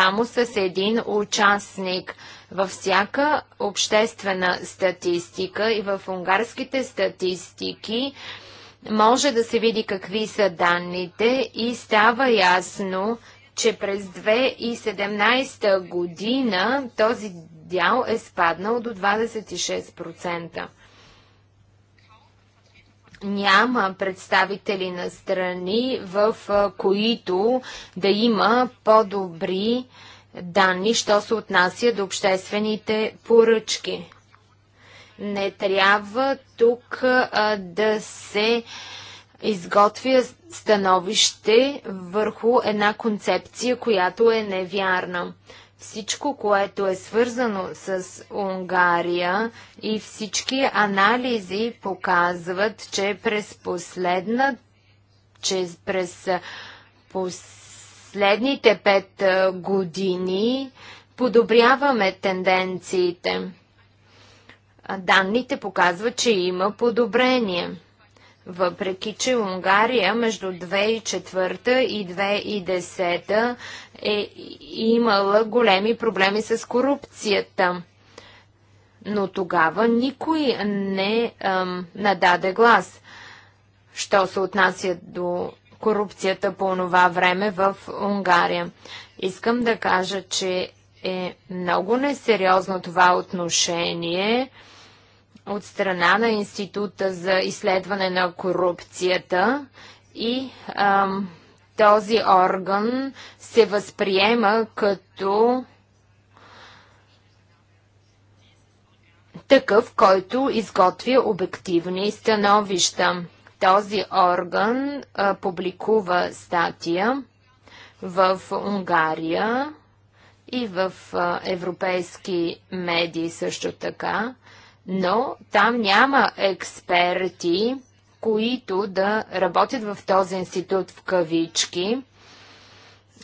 само с един участник. Във всяка обществена статистика и в унгарските статистики може да се види какви са данните и става ясно, че през 2017 година този дял е спаднал до 26% няма представители на страни, в които да има по-добри данни, що се отнася до обществените поръчки. Не трябва тук да се изготвя становище върху една концепция, която е невярна всичко, което е свързано с Унгария и всички анализи показват, че през последна, че през последните пет години подобряваме тенденциите. Данните показват, че има подобрение. Въпреки, че Унгария между 2004 и 2010 е имала големи проблеми с корупцията. Но тогава никой не ам, нададе глас, що се отнася до корупцията по това време в Унгария. Искам да кажа, че е много несериозно това отношение от страна на Института за изследване на корупцията и ам, този орган се възприема като такъв, който изготвя обективни становища. Този орган а, публикува статия в Унгария и в а, европейски медии също така но там няма експерти, които да работят в този институт в кавички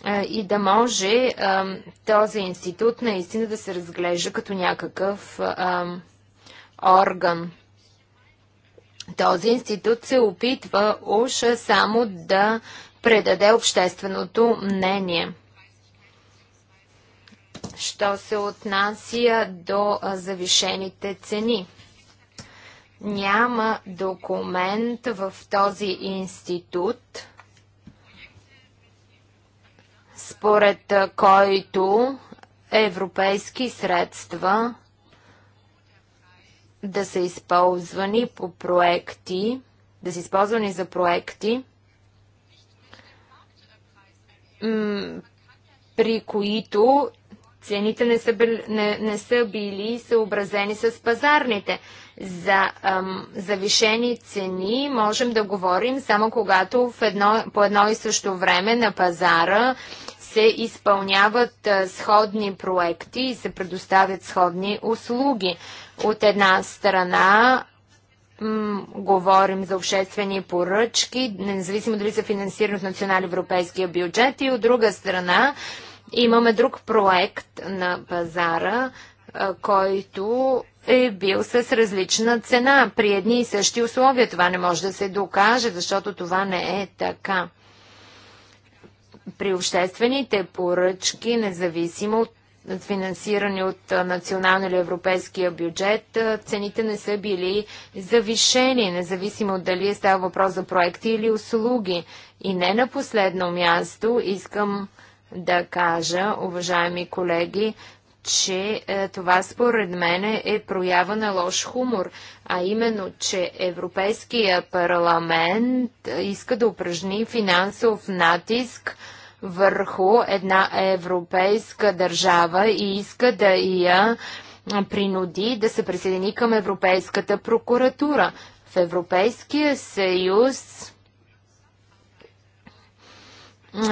е, и да може е, този институт наистина да се разглежда като някакъв е, орган. Този институт се опитва уж само да предаде общественото мнение що се отнася до завишените цени. Няма документ в този институт, според който европейски средства да са използвани по проекти, да са използвани за проекти, при които цените не са, били, не, не са били съобразени с пазарните. За ам, завишени цени можем да говорим само когато в едно, по едно и също време на пазара се изпълняват а, сходни проекти и се предоставят сходни услуги. От една страна говорим за обществени поръчки, независимо дали са финансирани от национал европейския бюджет и от друга страна Имаме друг проект на пазара, който е бил с различна цена при едни и същи условия. Това не може да се докаже, защото това не е така. При обществените поръчки, независимо от финансирани от национално или европейския бюджет, цените не са били завишени, независимо дали е става въпрос за проекти или услуги. И не на последно място искам да кажа, уважаеми колеги, че е, това според мен е проява на лош хумор, а именно, че Европейския парламент иска да упражни финансов натиск върху една европейска държава и иска да я принуди да се присъедини към Европейската прокуратура. В Европейския съюз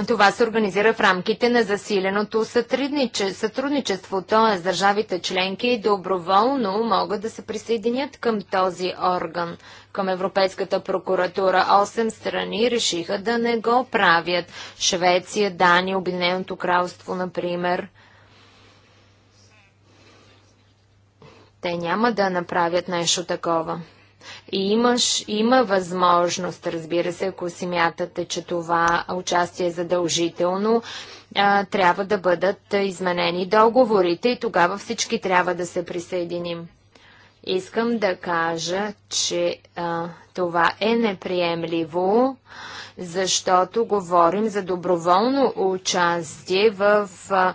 това се организира в рамките на засиленото сътрудничество, т.е. държавите членки доброволно могат да се присъединят към този орган. Към Европейската прокуратура 8 страни решиха да не го правят. Швеция, Дания, Обединеното кралство, например. Те няма да направят нещо такова. И имаш, има възможност, разбира се, ако смятате, че това участие е задължително, трябва да бъдат изменени договорите и тогава всички трябва да се присъединим. Искам да кажа, че а, това е неприемливо, защото говорим за доброволно участие в а,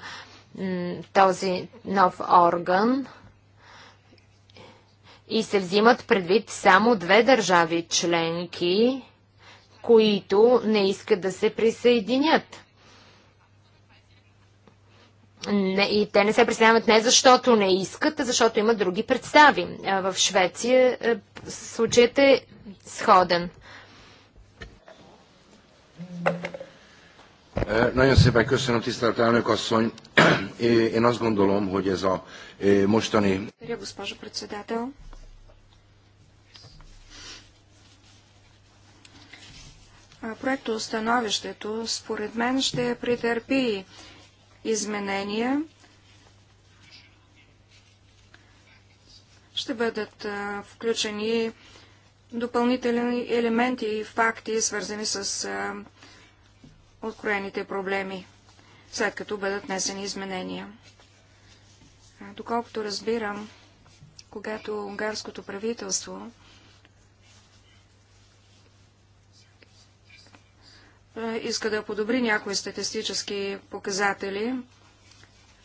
този нов орган, и се взимат предвид само две държави членки, които не искат да се присъединят. Не, и те не се присъединяват не защото не искат, а защото имат други представи. в Швеция случаят е сходен. Е, nagyon szépen köszönöm, tisztelt elnök asszony. Én azt gondolom, hogy ez a mostani... Госпожо председател, проекто становището, според мен, ще претърпи изменения. Ще бъдат включени допълнителни елементи и факти, свързани с откроените проблеми, след като бъдат несени изменения. доколкото разбирам, когато унгарското правителство Е, иска да подобри някои статистически показатели.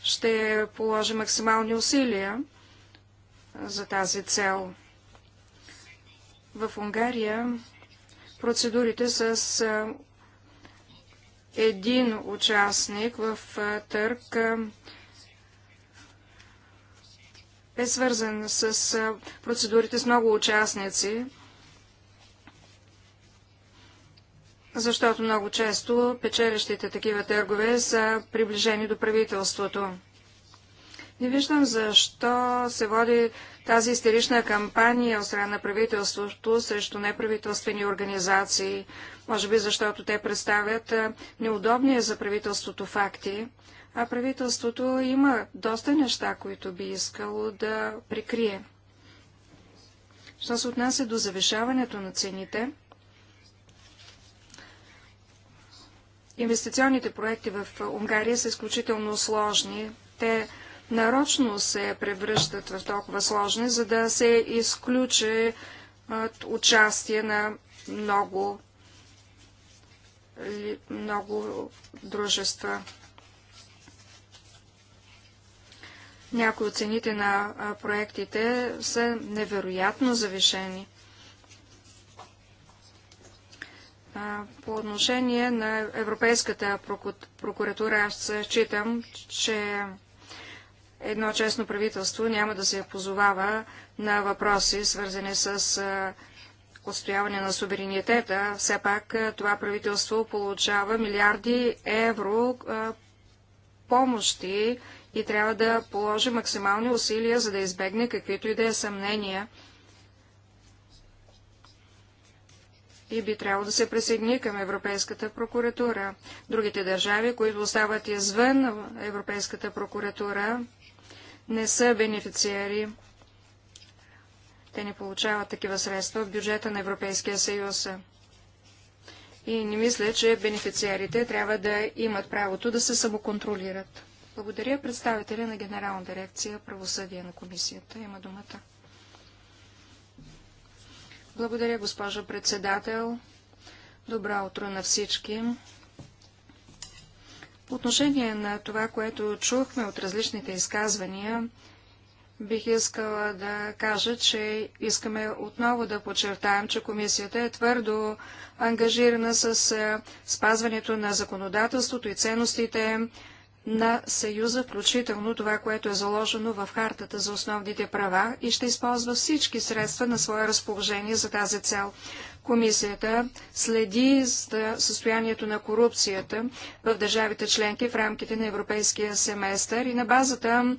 Ще положи максимални усилия е, за тази цел. В Унгария процедурите с е, един участник в търг е свързан с процедурите с много участници. защото много често печелищите такива търгове са приближени до правителството. Не виждам защо се води тази истерична кампания от страна на правителството срещу неправителствени организации. Може би защото те представят неудобни за правителството факти, а правителството има доста неща, които би искало да прикрие. Що се отнася до завишаването на цените – Инвестиционните проекти в Унгария са изключително сложни. Те нарочно се превръщат в толкова сложни, за да се изключи участие на много, много дружества. Някои от цените на проектите са невероятно завишени – По отношение на Европейската прокуратура, аз считам, че едно честно правителство няма да се позовава на въпроси, свързани с отстояване на суверенитета. Все пак това правителство получава милиарди евро помощи и трябва да положи максимални усилия, за да избегне каквито и да е съмнения и би трябвало да се присъедини към Европейската прокуратура. Другите държави, които остават извън Европейската прокуратура, не са бенефициери. Те не получават такива средства в бюджета на Европейския съюз. И не мисля, че бенефициарите трябва да имат правото да се самоконтролират. Благодаря представителя на Генерална дирекция правосъдие на комисията. Има думата. Благодаря, госпожо председател. Добро утро на всички. По отношение на това, което чухме от различните изказвания, бих искала да кажа, че искаме отново да подчертаем, че комисията е твърдо ангажирана с спазването на законодателството и ценностите на Съюза, включително това, което е заложено в Хартата за основните права и ще използва всички средства на свое разположение за тази цел. Комисията следи за състоянието на корупцията в държавите членки в рамките на европейския семестър и на базата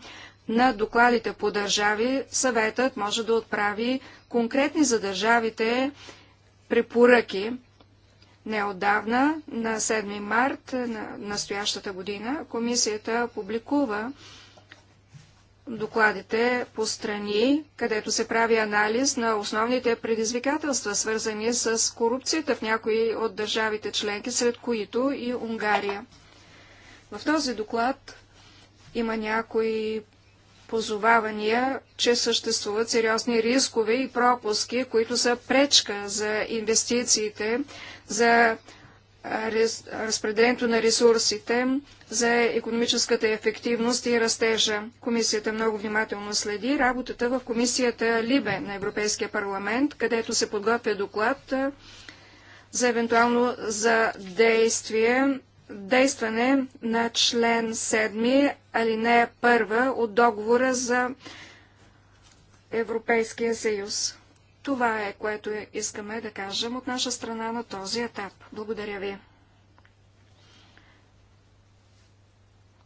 на докладите по държави съветът може да отправи конкретни за държавите препоръки Неодавна, на 7 март на настоящата година, комисията публикува докладите по страни, където се прави анализ на основните предизвикателства, свързани с корупцията в някои от държавите членки, сред които и Унгария. В този доклад има някои позовавания, че съществуват сериозни рискове и пропуски, които са пречка за инвестициите, за рез... разпределението на ресурсите, за економическата ефективност и растежа. Комисията много внимателно следи работата в комисията Либе на Европейския парламент, където се подготвя доклад за евентуално за действие действане на член 7, алинея 1 от договора за Европейския съюз. Това е, което искаме да кажем от наша страна на този етап. Благодаря ви.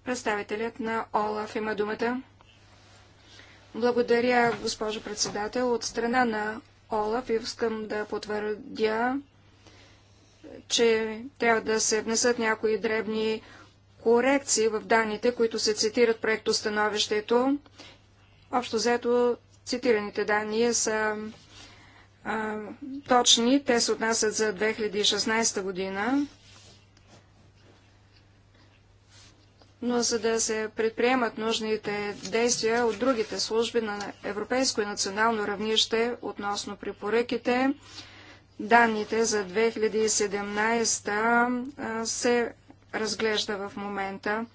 Представителят на ОЛАФ има думата. Благодаря, госпожо председател. От страна на ОЛАФ искам да потвърдя че трябва да се внесат някои дребни корекции в данните, които се цитират проекто становището. Общо взето цитираните данни са а, точни. Те се отнасят за 2016 година. Но за да се предприемат нужните действия от другите служби на европейско и национално равнище относно препоръките, Данните за 2017 се разглежда в момента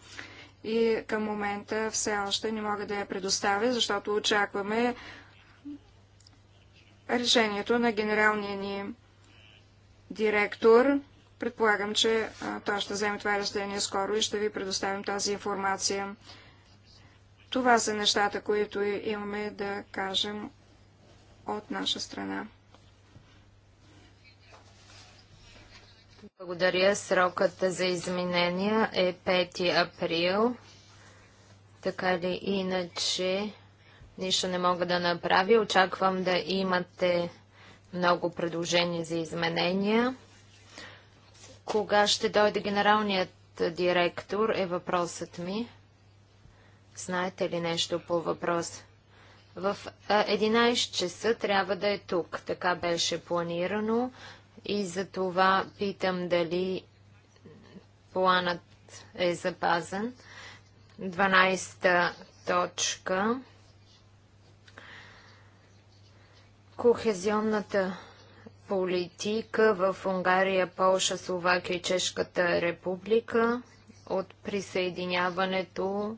и към момента все още не мога да я предоставя, защото очакваме решението на генералния ни директор. Предполагам, че той ще вземе това решение скоро и ще ви предоставим тази информация. Това са нещата, които имаме да кажем от наша страна. Благодаря. Срокът за изменения е 5 април. Така ли иначе нищо не мога да направя. Очаквам да имате много предложения за изменения. Кога ще дойде генералният директор е въпросът ми. Знаете ли нещо по въпрос? В 11 часа трябва да е тук. Така беше планирано. И за това питам дали планът е запазен. 12 та точка. Кохезионната политика в Унгария, Полша, Словакия и Чешката република от присъединяването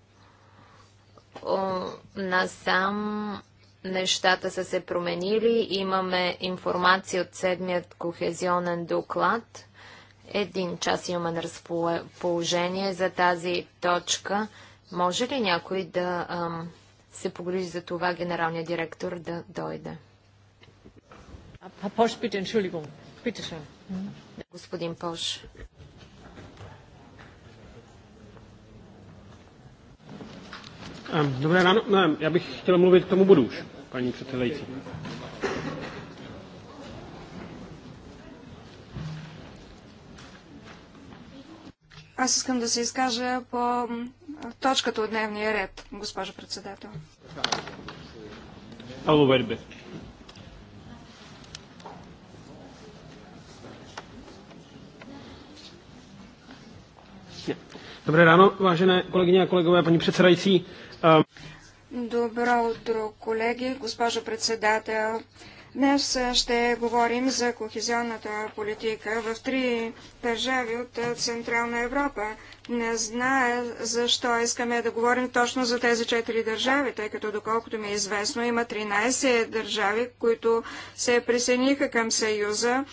насам нещата са се променили. Имаме информация от седмият кохезионен доклад. Един час имаме на разположение за тази точка. Може ли някой да ам, се погрижи за това генералният директор да дойде? Господин Пош. Dobré ráno. Ne, já bych chtěl mluvit k tomu bodu už, paní předsedající. Аз искам да се изкажа по точката от дневния ред, госпожо председател. Ало, Вербе. Dobré ráno, vážené kolegyně a kolegové, paní předsedající. Добро утро, колеги, госпожо председател. Днес ще говорим за кохезионната политика в три държави от Централна Европа. Не знае защо искаме да говорим точно за тези четири държави, тъй като доколкото ми е известно има 13 държави, които се присъединиха към Съюза.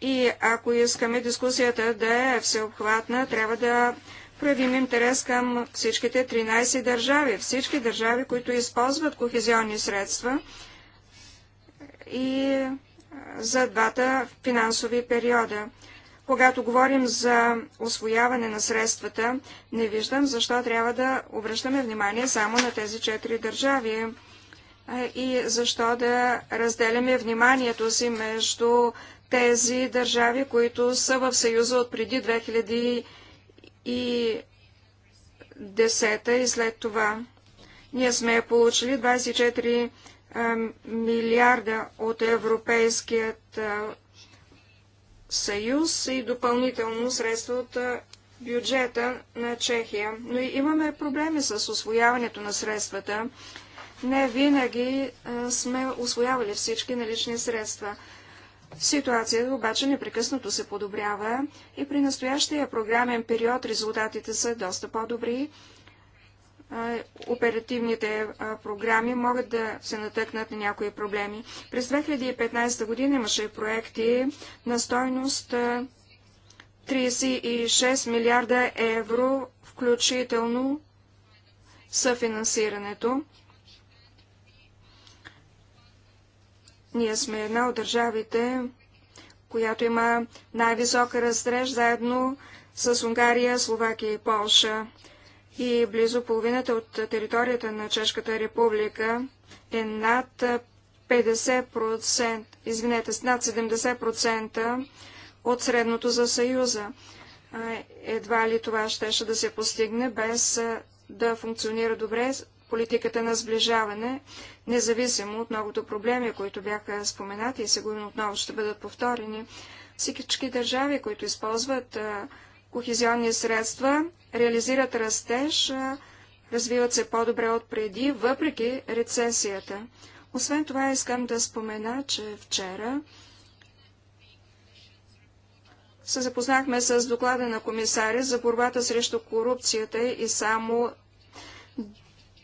И ако искаме дискусията да е всеобхватна, трябва да проявим интерес към всичките 13 държави, всички държави, които използват кохезионни средства и за двата финансови периода. Когато говорим за освояване на средствата, не виждам защо трябва да обръщаме внимание само на тези четири държави и защо да разделяме вниманието си между тези държави, които са в Съюза от преди и десета и след това. Ние сме получили 24 милиарда от Европейският съюз и допълнително средства от бюджета на Чехия. Но имаме проблеми с освояването на средствата. Не винаги сме освоявали всички налични средства. Ситуацията обаче непрекъснато се подобрява и при настоящия програмен период резултатите са доста по-добри. Оперативните програми могат да се натъкнат на някои проблеми. През 2015 година имаше проекти на стойност 36 милиарда евро, включително съфинансирането. Ние сме една от държавите, която има най-висока разреж заедно с Унгария, Словакия и Полша. И близо половината от територията на Чешката република е над 50%, извинете, с над 70% от средното за Съюза. Едва ли това щеше да се постигне без да функционира добре политиката на сближаване, независимо от многото проблеми, които бяха споменати и сигурно отново ще бъдат повторени. Всички държави, които използват а, кохезионни средства, реализират растеж, развиват се по-добре от преди, въпреки рецесията. Освен това, искам да спомена, че вчера се запознахме с доклада на комисаря за борбата срещу корупцията и само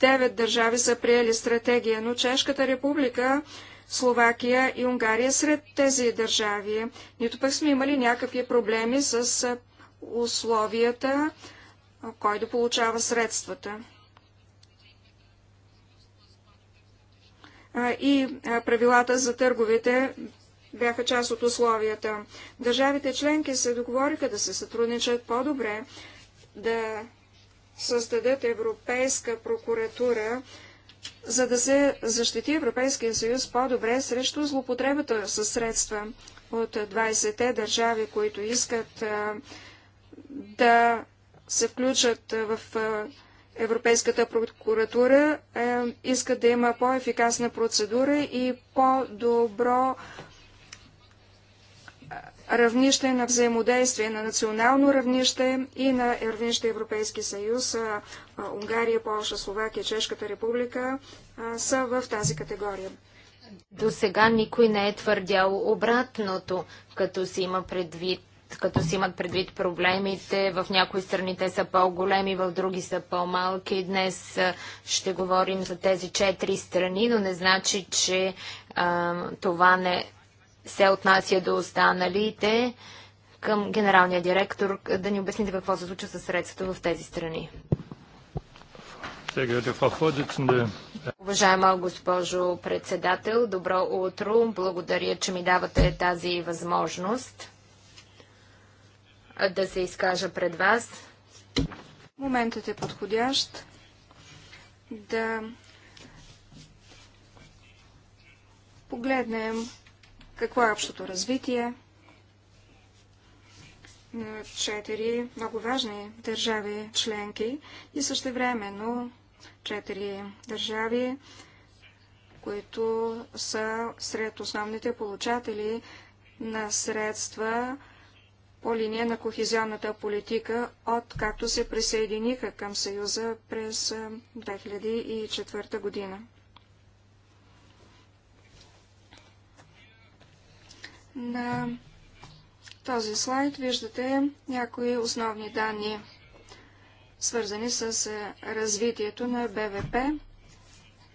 Девет държави са приели стратегия, но Чешката република, Словакия и Унгария сред тези държави. Нито пък сме имали някакви проблеми с условията, кой да получава средствата. И правилата за търговете бяха част от условията. Държавите членки се договориха да се сътрудничат по-добре, да създадат Европейска прокуратура, за да се защити Европейския съюз по-добре срещу злопотребата със средства от 20-те държави, които искат да се включат в Европейската прокуратура, искат да има по-ефикасна процедура и по-добро равнище на взаимодействие на национално равнище и на равнище Европейски съюз. Унгария, Полша, Словакия, Чешката република са в тази категория. До сега никой не е твърдял обратното, като си има предвид като си имат предвид проблемите. В някои страни те са по-големи, в други са по-малки. Днес ще говорим за тези четири страни, но не значи, че а, това не се отнася до останалите, към генералния директор да ни обясните какво се случва със средствата в тези страни. Уважаема госпожо председател, добро утро. Благодаря, че ми давате тази възможност да се изкажа пред вас. Моментът е подходящ да погледнем какво е общото развитие на четири много важни държави членки и също времено четири държави, които са сред основните получатели на средства по линия на кохезионната политика, от както се присъединиха към Съюза през 2004 година. На този слайд виждате някои основни данни, свързани с е, развитието на БВП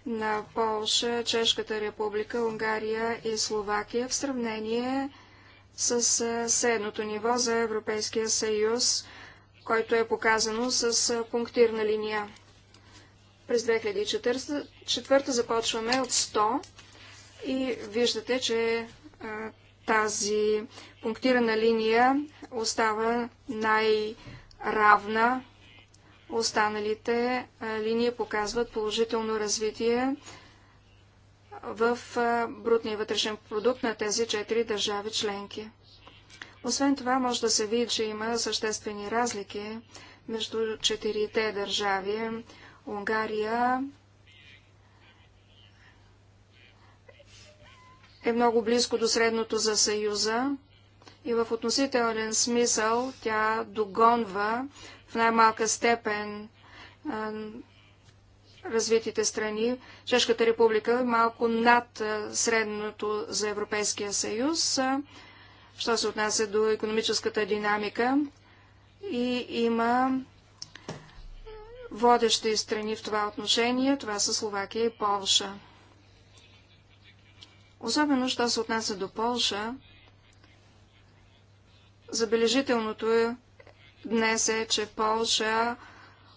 на Полша, Чешката република, Унгария и Словакия в сравнение с е, средното ниво за Европейския съюз, който е показано с е, пунктирна линия. През 2004 започваме от 100 и виждате, че тази пунктирана линия остава най-равна. Останалите линии показват положително развитие в брутния вътрешен продукт на тези четири държави членки. Освен това, може да се види, че има съществени разлики между четирите държави. Унгария е много близко до средното за Съюза и в относителен смисъл тя догонва в най-малка степен развитите страни. Чешката република е малко над средното за Европейския съюз, що се отнася до економическата динамика и има водещи страни в това отношение. Това са Словакия и Полша. Особено, що се отнася до Полша, забележителното е, днес е, че Полша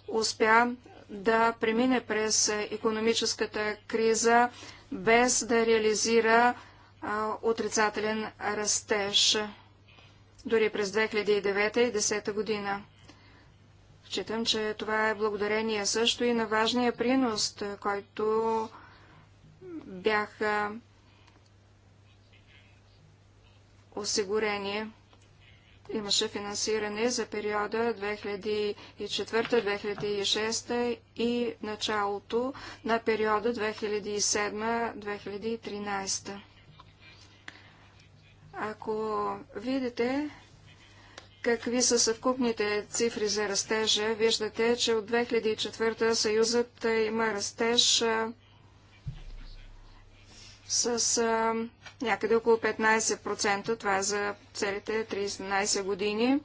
успя да премине през економическата криза, без да реализира а, отрицателен растеж дори през 2009 и 2010 година. Считам, че това е благодарение също и на важния принос, който бяха осигурение. Имаше финансиране за периода 2004-2006 и началото на периода 2007-2013. Ако видите какви са съвкупните цифри за растежа, виждате, че от 2004 Съюзът има растеж с а, някъде около 15%. Това е за целите 13 години.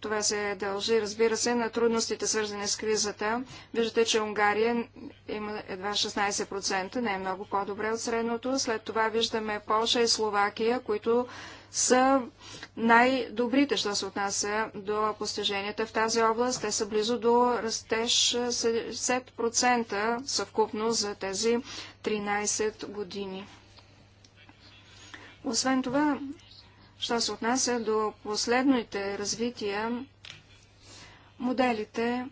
Това се дължи, разбира се, на трудностите, свързани с кризата. Виждате, че Унгария има едва 16%, не е много по-добре от средното. След това виждаме Польша и Словакия, които са най-добрите, що се отнася до постиженията в тази област. Те са близо до растеж 70% съвкупно за тези 13 години. Освен това, що се отнася до последните развития, моделите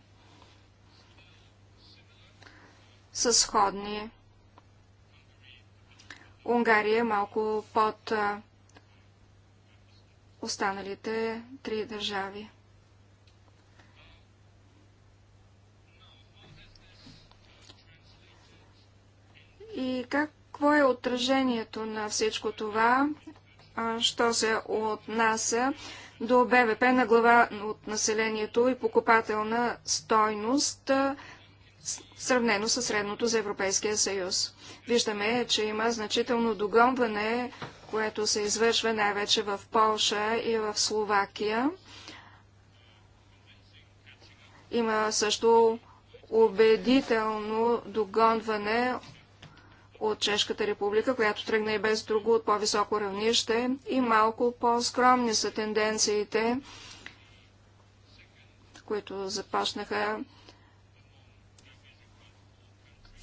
са сходни. Унгария е малко под останалите три държави. И какво е отражението на всичко това, що се отнася до БВП на глава от населението и покупателна стойност, сравнено с средното за Европейския съюз. Виждаме, че има значително догонване което се извършва най-вече в Полша и в Словакия. Има също убедително догонване от Чешката република, която тръгна и без друго от по-високо равнище и малко по-скромни са тенденциите, които започнаха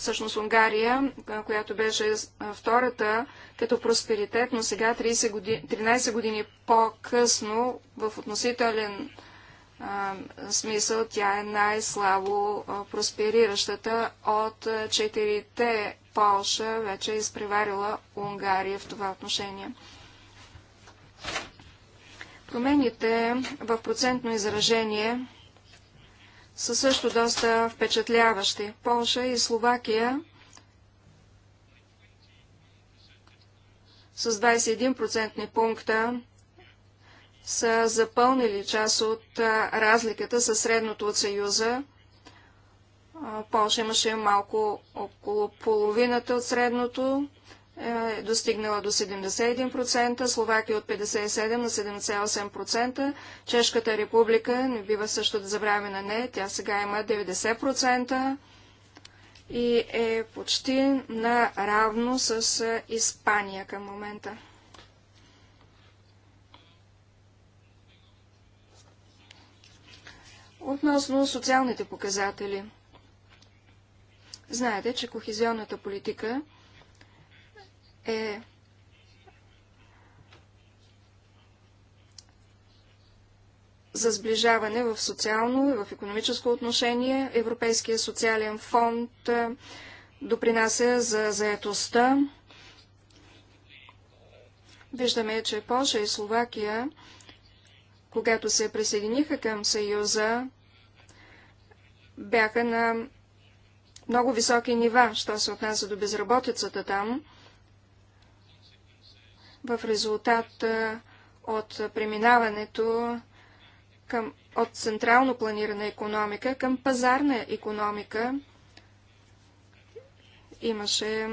Всъщност Унгария, която беше втората като просперитет, но сега 30 години, 13 години по-късно в относителен смисъл тя е най-слабо проспериращата от четирите Полша вече е изпреварила Унгария в това отношение. Промените в процентно изражение са също доста впечатляващи. Полша и Словакия с 21% пункта са запълнили част от разликата със средното от Съюза. Полша имаше малко около половината от средното, е достигнала до 71%, Словакия от 57% на 7,8%, Чешката република, не бива също да забравяме на не, тя сега има 90% и е почти наравно с е, Испания към момента. Относно социалните показатели. Знаете, че кохезионната политика – е за сближаване в социално и в економическо отношение. Европейския социален фонд е, допринася за заетостта. Виждаме, че Польша и Словакия, когато се присъединиха към Съюза, бяха на много високи нива, що се отнася до безработицата там в резултат от преминаването към, от централно планирана економика към пазарна економика. Имаше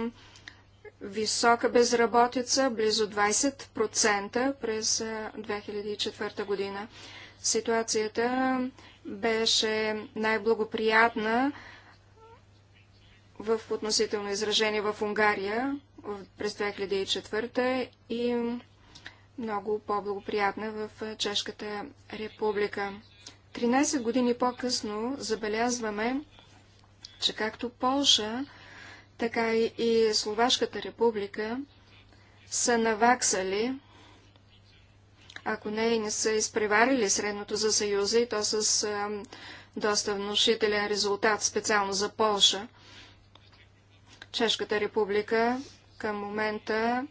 висока безработица, близо 20% през 2004 година. Ситуацията беше най-благоприятна в относително изражение в Унгария през 2004 и много по-благоприятна в Чешката република. 13 години по-късно забелязваме, че както Полша, така и Словашката република са наваксали, ако не и не са изпреварили средното за Съюза и то с а, доста внушителен резултат, специално за Полша. Чешката република към момента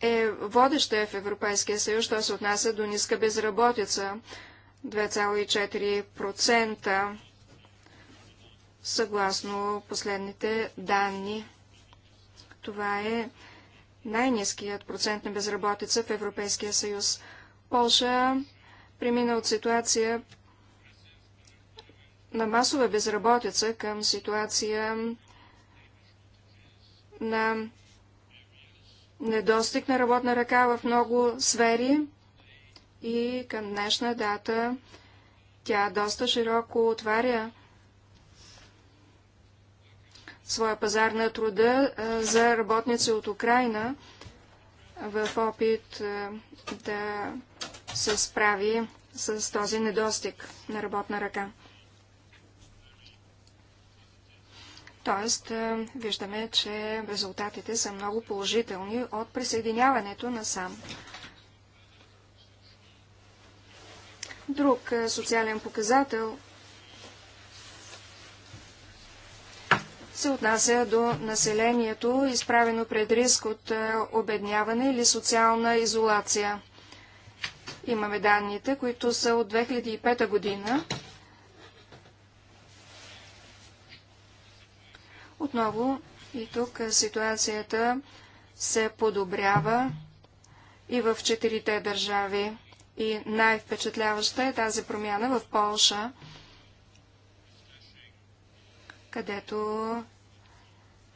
е водеща в Европейския съюз, що се отнася до ниска безработица 2,4% съгласно последните данни. Това е най-низкият процент на безработица в Европейския съюз. Полша премина от ситуация на масова безработица към ситуация на недостиг на работна ръка в много сфери и към днешна дата тя доста широко отваря своя пазар на труда за работници от Украина в опит да се справи с този недостиг на работна ръка. Тоест, виждаме, че резултатите са много положителни от присъединяването на сам. Друг социален показател се отнася до населението, изправено пред риск от обедняване или социална изолация. Имаме данните, които са от 2005 година. Отново и тук ситуацията се подобрява и в четирите държави. И най-впечатляваща е тази промяна в Полша, където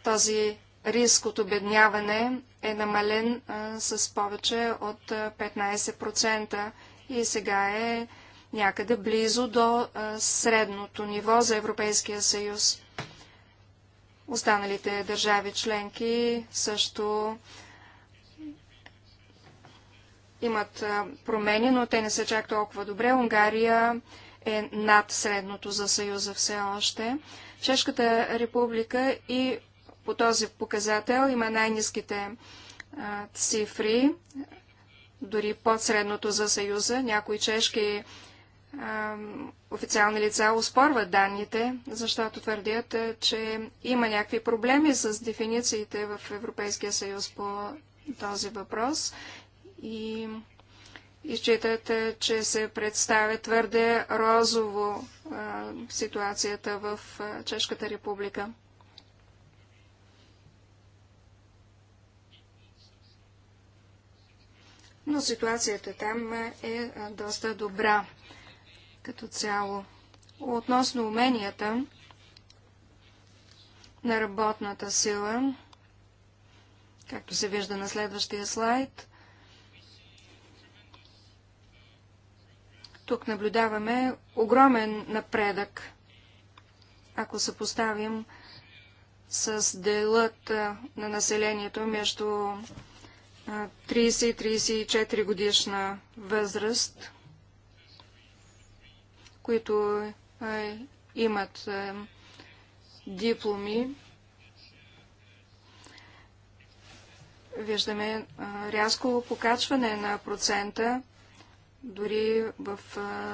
този риск от обедняване е намален а, с повече от 15% и сега е някъде близо до а, средното ниво за Европейския съюз. Останалите държави членки също имат промени, но те не са чак толкова добре. Унгария е над средното за Съюза все още. Чешката република и по този показател има най-низките цифри, дори под средното за Съюза. Някои чешки официални лица успорват данните, защото твърдят, е, че има някакви проблеми с дефинициите в Европейския съюз по този въпрос и изчитат, е, че се представя твърде розово ситуацията в Чешката република. Но ситуацията там е, е доста добра като цяло. Относно уменията на работната сила, както се вижда на следващия слайд, тук наблюдаваме огромен напредък. Ако се поставим с делът на населението между 30 и 34 годишна възраст – които е, имат е, дипломи. Виждаме е, рязко покачване на процента. Дори в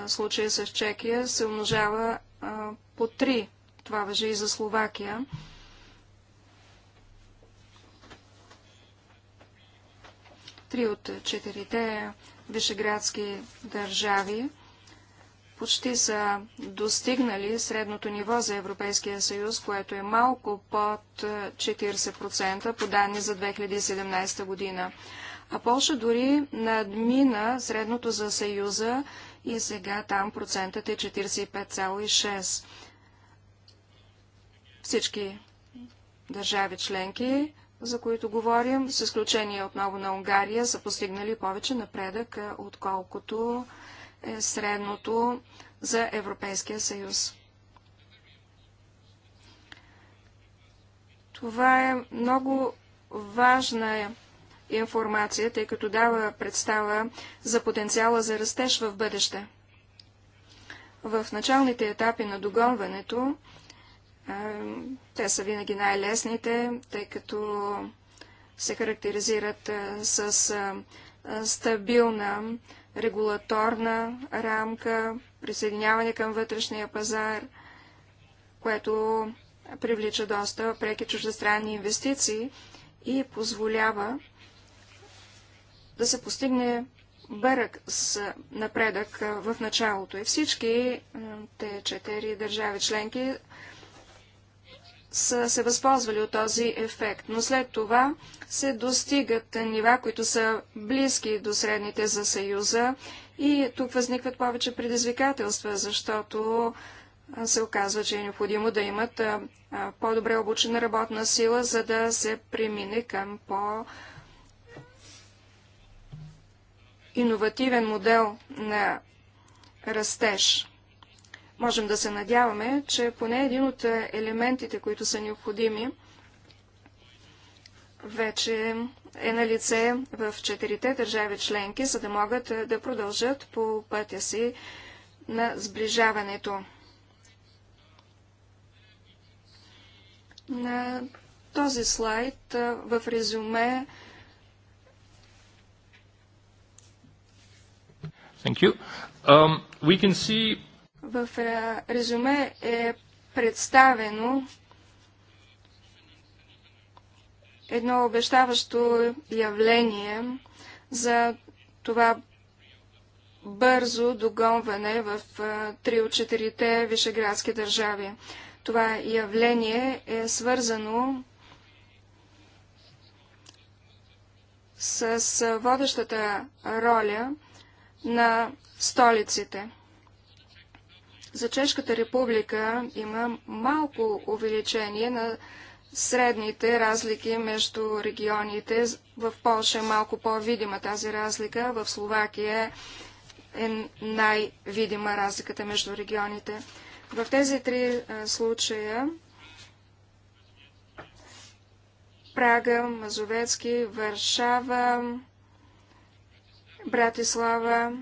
случая с Чекия се умножава по 3. Това въжи и за Словакия. Три от четирите вишеградски държави – почти са достигнали средното ниво за Европейския съюз, което е малко под 40% е, по данни за 2017 година. А Польша дори надмина средното за Съюза и сега там процентът е 45,6. Всички държави членки, за които говорим, с изключение отново на Унгария, са постигнали повече напредък, е, отколкото е средното за Европейския съюз. Това е много важна информация, тъй като дава представа за потенциала за растеж в бъдеще. В началните етапи на догонването, те са винаги най-лесните, тъй като се характеризират с стабилна регулаторна рамка, присъединяване към вътрешния пазар, което привлича доста преки чуждестранни инвестиции и позволява да се постигне бърък с напредък в началото. И всички те четири държави членки са се възползвали от този ефект, но след това се достигат нива, които са близки до средните за Съюза и тук възникват повече предизвикателства, защото се оказва, че е необходимо да имат по-добре обучена работна сила, за да се премине към по- иновативен модел на растеж. Можем да се надяваме, че поне един от е, елементите, които са необходими, вече е на лице в четирите държави членки, за да могат е, да продължат по пътя си на сближаването. На този слайд е, в резюме Thank you. Um, we can see в е, резюме е представено едно обещаващо явление за това бързо догонване в е, три от четирите вишеградски държави. Това явление е свързано с водещата роля на столиците. За Чешката република има малко увеличение на средните разлики между регионите. В Польша е малко по-видима тази разлика, в Словакия е най-видима разликата между регионите. В тези три случая Прага, Мазовецки, Варшава, Братислава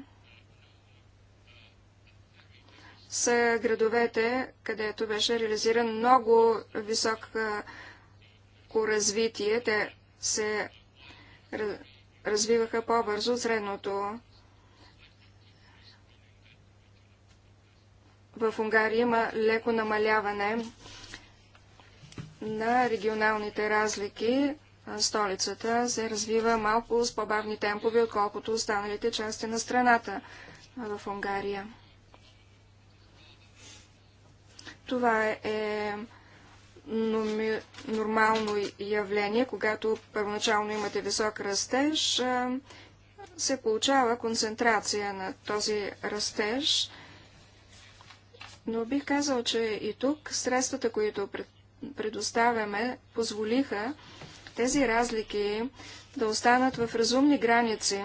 са градовете, където беше реализиран много високо развитие. Те се развиваха по-бързо от средното. В Унгария има леко намаляване на регионалните разлики. Столицата се развива малко с по-бавни темпове, отколкото останалите части на страната в Унгария. Това е нормално явление, когато първоначално имате висок растеж, се получава концентрация на този растеж. Но бих казал, че и тук средствата, които предоставяме, позволиха тези разлики да останат в разумни граници,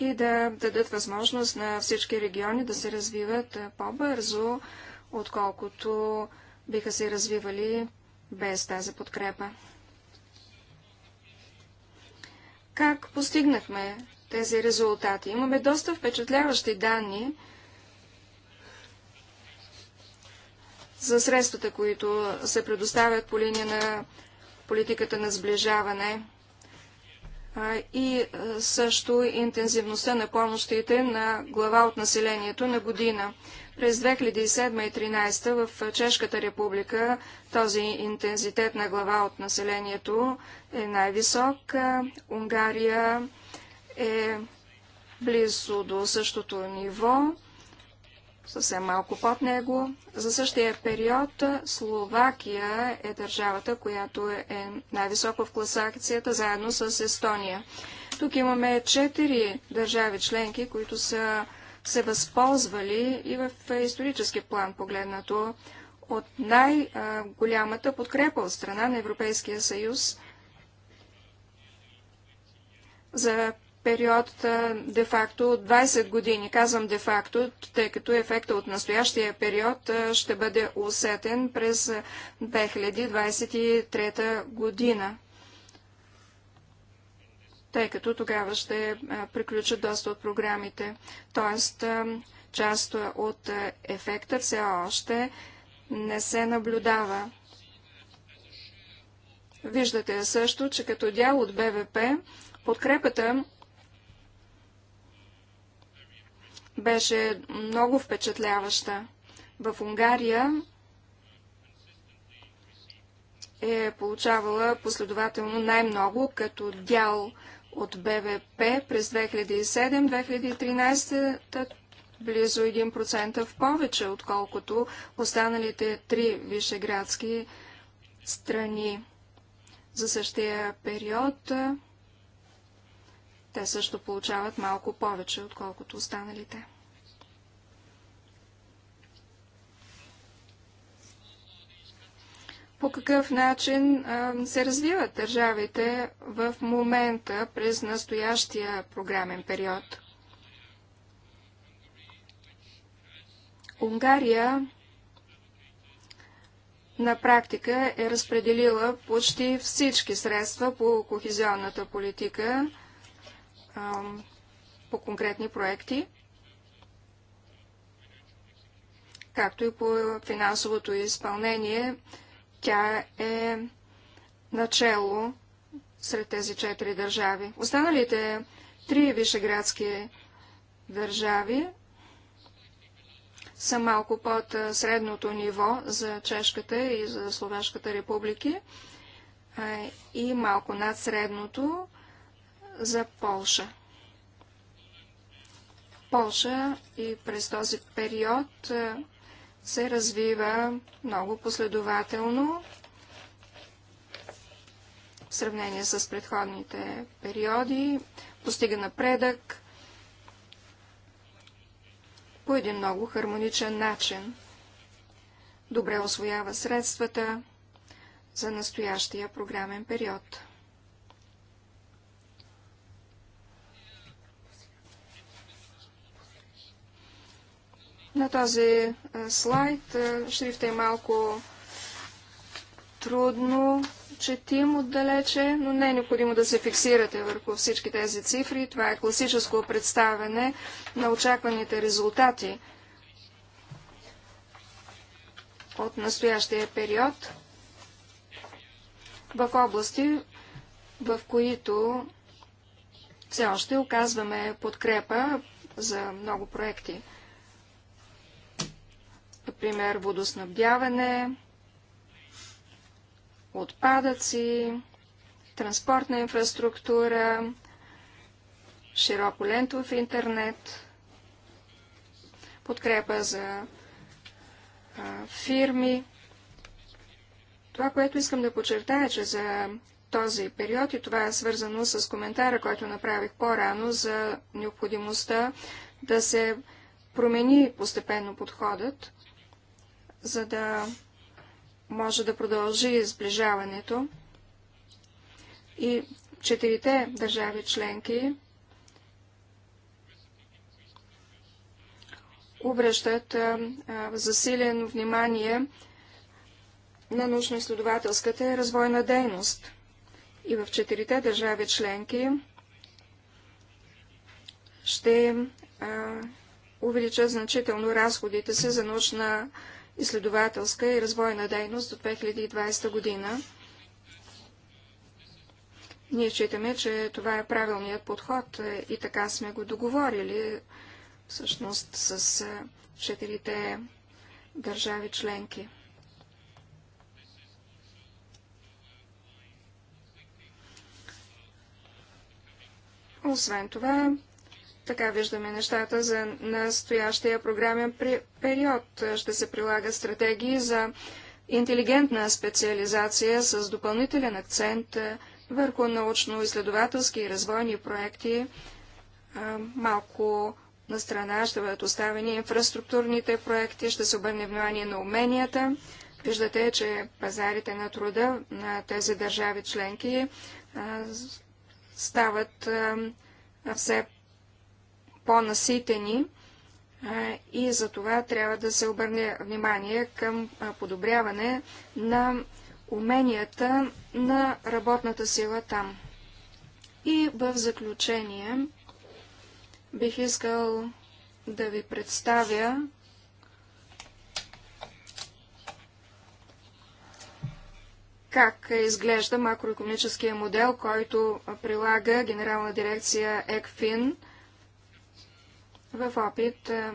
и да дадат възможност на всички региони да се развиват по-бързо, отколкото биха се развивали без тази подкрепа. Как постигнахме тези резултати? Имаме доста впечатляващи данни за средствата, които се предоставят по линия на политиката на сближаване – и също интензивността на помощите на глава от населението на година. През 2007 и 2013 в Чешката република този интензитет на глава от населението е най-висок. Унгария е близо до същото ниво съвсем малко под него. За същия период Словакия е държавата, която е, е най-високо в класацията, заедно с Естония. Тук имаме четири държави членки, които са се възползвали и в исторически план погледнато от най-голямата подкрепа от страна на Европейския съюз за период де-факто от 20 години. Казвам де-факто, тъй като ефекта от настоящия период ще бъде усетен през 2023 година, тъй като тогава ще приключат доста от програмите. Тоест, част от ефекта все още не се наблюдава. Виждате също, че като дял от БВП подкрепата беше много впечатляваща. В Унгария е получавала последователно най-много като дял от БВП през 2007-2013 близо 1% в повече, отколкото останалите три вишеградски страни. За същия период те също получават малко повече, отколкото останалите. По какъв начин а, се развиват държавите в момента през настоящия програмен период? Унгария на практика е разпределила почти всички средства по кохезионната политика по конкретни проекти, както и по финансовото изпълнение. Тя е начало сред тези четири държави. Останалите три вишеградски държави са малко под средното ниво за Чешката и за Словашката републики и малко над средното за Полша. Полша и през този период е, се развива много последователно в сравнение с предходните периоди, постига напредък по един много хармоничен начин. Добре освоява средствата за настоящия програмен период. На този слайд шрифта е малко трудно четим отдалече, но не е необходимо да се фиксирате върху всички тези цифри. Това е класическо представяне на очакваните резултати от настоящия период в области, в които все още оказваме подкрепа за много проекти например водоснабдяване, отпадъци, транспортна инфраструктура, широколентов интернет, подкрепа за а, фирми. Това, което искам да подчертая, е, че за този период, и това е свързано с коментара, който направих по-рано за необходимостта да се промени постепенно подходът, за да може да продължи изближаването. И четирите държави членки обръщат засилено внимание на научно-изследователската и развойна дейност. И в четирите държави членки ще а, увеличат значително разходите си за научна дейност изследователска и развойна дейност до 2020 година. Ние считаме, че това е правилният подход е, и така сме го договорили всъщност с е, четирите държави членки. Освен това, така виждаме нещата за настоящия програмен период. Ще се прилагат стратегии за интелигентна специализация с допълнителен акцент е, върху научно-изследователски и развойни проекти. Е, малко на страна ще бъдат оставени инфраструктурните проекти, ще се обърне внимание на уменията. Виждате, че пазарите на труда на тези държави членки е, стават все по-наситени и за това трябва да се обърне внимание към подобряване на уменията на работната сила там. И в заключение бих искал да ви представя как изглежда макроекономическия модел, който прилага Генерална дирекция ЕКФИН в опит е,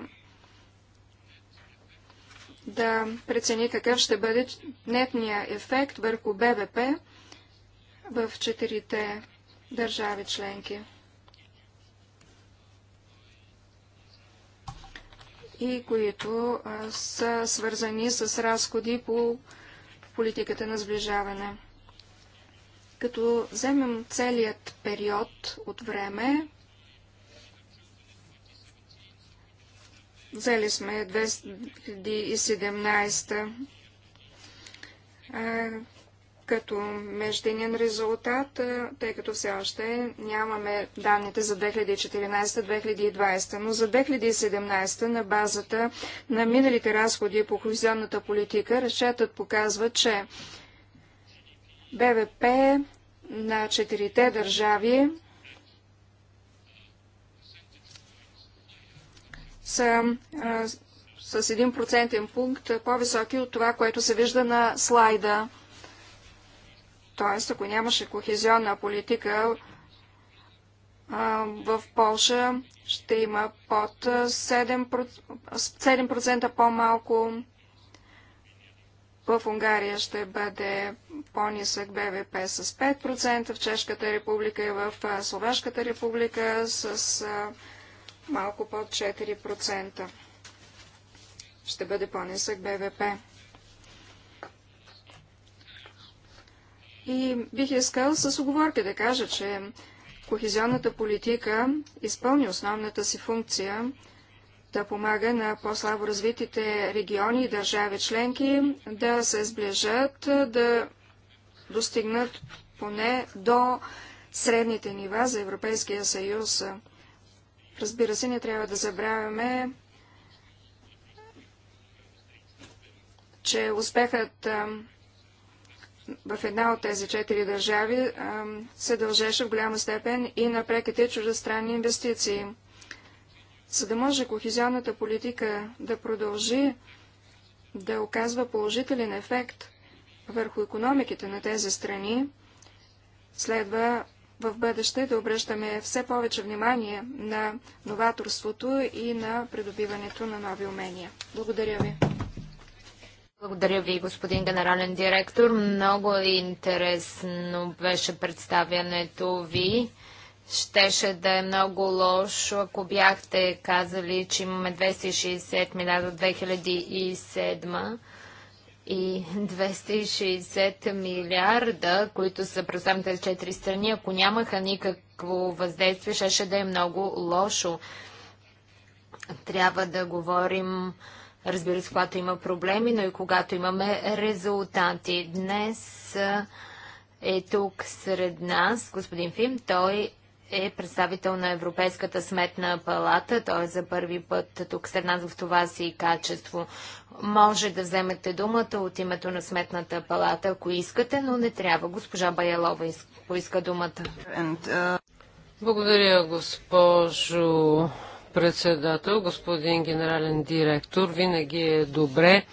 да прецени какъв ще бъде нетния ефект върху БВП в четирите държави членки. и които е, са свързани с разходи по политиката на сближаване. Като вземем целият период от време, Взели сме 2017 като междинен резултат, тъй като все още нямаме данните за 2014-2020, но за 2017 на базата на миналите разходи по хоризонната политика разчетът показва, че БВП на четирите държави са а, с 1 процентен пункт по-високи от това, което се вижда на слайда. Тоест, ако нямаше кохезионна политика а, в Польша, ще има под 7%, 7 по-малко. В Унгария ще бъде по-нисък БВП с 5%, в Чешката република и в Словашката република с малко под 4%. Ще бъде по-нисък БВП. И бих искал с оговорка да кажа, че кохезионната политика изпълни основната си функция да помага на по-слабо развитите региони и държави членки да се сближат, да достигнат поне до средните нива за Европейския съюз. Разбира се, не трябва да забравяме, че успехът в една от тези четири държави се дължеше в голяма степен и на преките чуждестранни инвестиции. За да може кохезионната политика да продължи да оказва положителен ефект върху економиките на тези страни, следва в бъдеще да обръщаме все повече внимание на новаторството и на придобиването на нови умения. Благодаря ви. Благодаря ви, господин генерален директор. Много интересно беше представянето ви. Щеше да е много лошо, ако бяхте казали, че имаме 260 милиарда от 2007 и 260 милиарда, които са представени тези четири страни, ако нямаха никакво въздействие, ще, ще да е много лошо. Трябва да говорим, разбира се, когато има проблеми, но и когато имаме резултати. Днес е тук сред нас господин Фим. Той е представител на Европейската сметна палата. Той е за първи път тук сред нас в това си качество. Може да вземете думата от името на Сметната палата, ако искате, но не трябва. Госпожа Баялова поиска думата. Uh, Благодаря, госпожо председател, господин генерален директор. Винаги е добре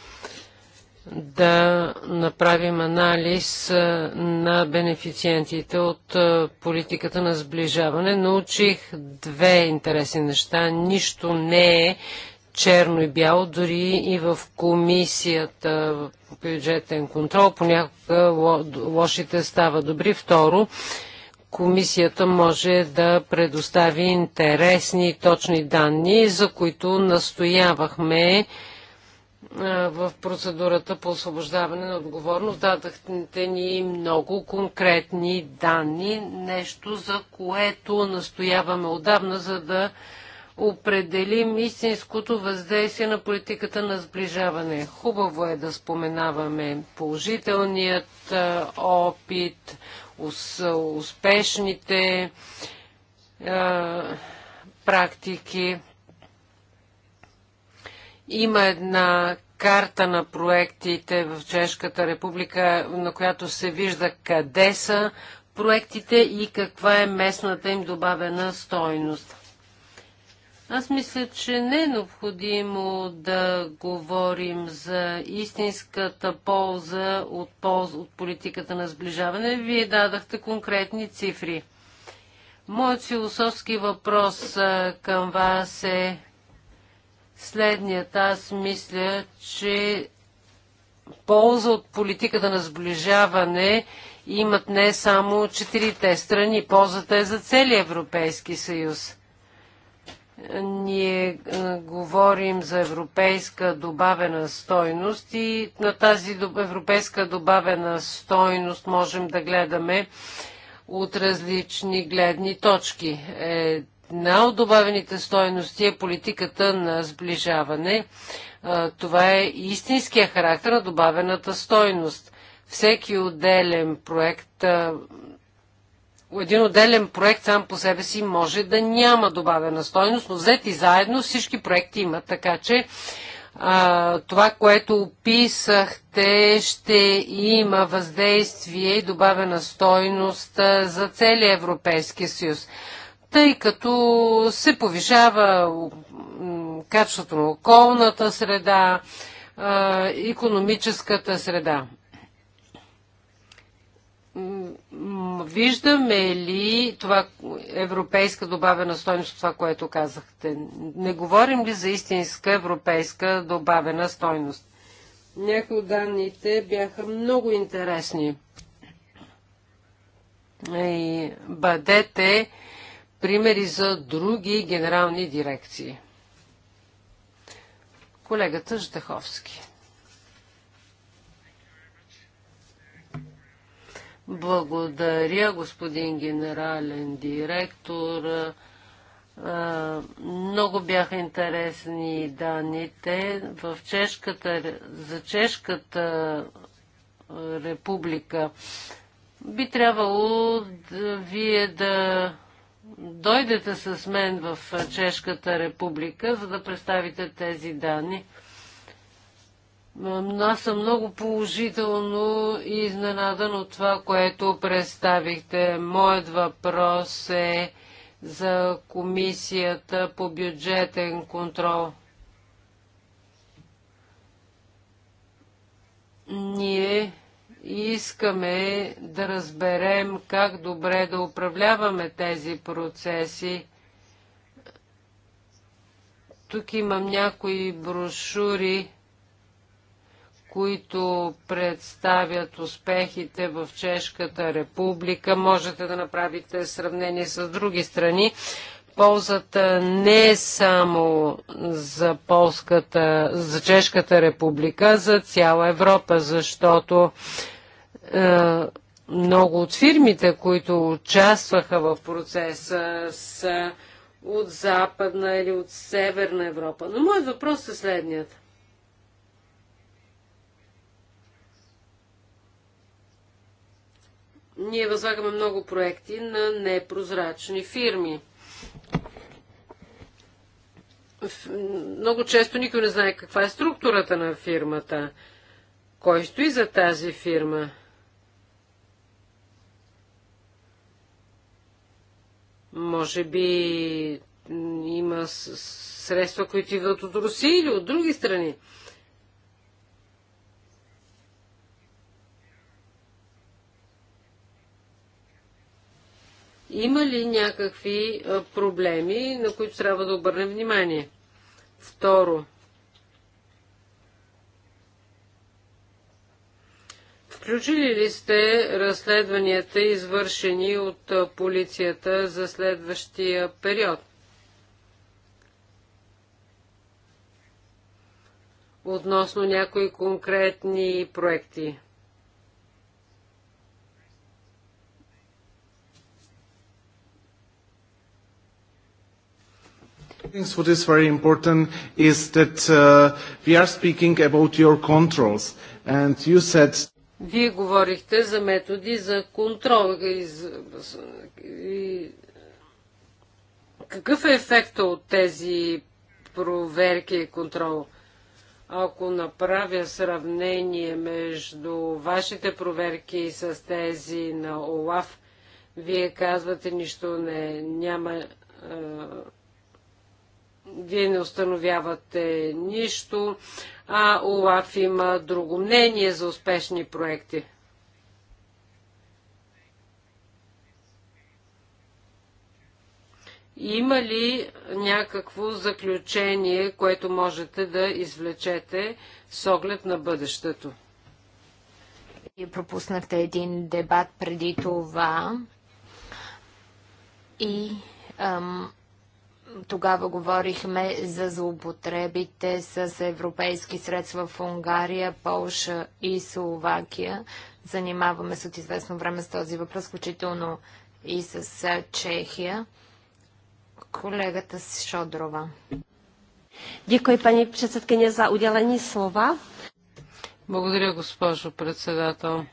да направим анализ на бенефициентите от политиката на сближаване. Научих две интересни неща. Нищо не е черно и бяло, дори и в комисията по бюджетен контрол. Понякога лошите става добри. Второ, комисията може да предостави интересни и точни данни, за които настоявахме в процедурата по освобождаване на отговорност. Дадахте ни много конкретни данни, нещо за което настояваме отдавна, за да определим истинското въздействие на политиката на сближаване. Хубаво е да споменаваме положителният опит, успешните практики. Има една карта на проектите в Чешката република, на която се вижда къде са проектите и каква е местната им добавена стойност. Аз мисля, че не е необходимо да говорим за истинската полза от, полз, от политиката на сближаване. Вие дадахте конкретни цифри. Моят философски въпрос към вас е следният. Аз мисля, че полза от политиката на сближаване имат не само четирите страни. Ползата е за целия Европейски съюз. Ние е, говорим за европейска добавена стойност и на тази европейска добавена стойност можем да гледаме от различни гледни точки. Е, Една от добавените стоености е политиката на сближаване. Това е истинския характер на добавената стойност. Всеки отделен проект, един отделен проект сам по себе си може да няма добавена стойност, но взети заедно всички проекти имат. Така че това, което описахте, ще има въздействие и добавена стойност за целия Европейски съюз тъй като се повишава качеството на околната среда, економическата среда. Виждаме ли това европейска добавена стойност, това, което казахте? Не говорим ли за истинска европейска добавена стойност? Някои от данните бяха много интересни. И бъдете примери за други генерални дирекции. Колегата Ждаховски. Благодаря, господин генерален директор. Много бяха интересни данните. В чешката, за Чешката република би трябвало да, вие да дойдете с мен в Чешката република, за да представите тези данни. Но аз съм много положително и изненадан от това, което представихте. Моят въпрос е за комисията по бюджетен контрол. Ние искаме да разберем как добре да управляваме тези процеси. Тук имам някои брошури, които представят успехите в Чешката република. Можете да направите сравнение с други страни. Ползата не е само за, полската, за Чешката република, за цяла Европа, защото е, много от фирмите, които участваха в процеса, са от Западна или от Северна Европа. Но моят въпрос е следният. Ние възлагаме много проекти на непрозрачни фирми. Много често никой не знае каква е структурата на фирмата. Кой стои за тази фирма? Може би има средства, които идват от Русия или от други страни. Има ли някакви проблеми, на които трябва да обърнем внимание? Второ, Приключили ли сте разследванията, извършени от полицията за следващия период? Относно някои конкретни проекти. things what is very important is that uh, we are speaking about your controls and you said вие говорихте за методи за контрол. И... Какъв е ефекта от тези проверки и контрол? Ако направя сравнение между вашите проверки с тези на ОЛАФ, вие казвате нищо не, няма вие не установявате нищо, а ОЛАФ има друго мнение за успешни проекти. Има ли някакво заключение, което можете да извлечете с оглед на бъдещето? Вие пропуснахте един дебат преди това и ам, тогава говорихме за злоупотребите с европейски средства в Унгария, Полша и Словакия. Занимаваме се от известно време с този въпрос, включително и с Чехия. Колегата Шодрова. Дякой, пани předsedkyně, за udělení слова. Благодаря, госпожо председател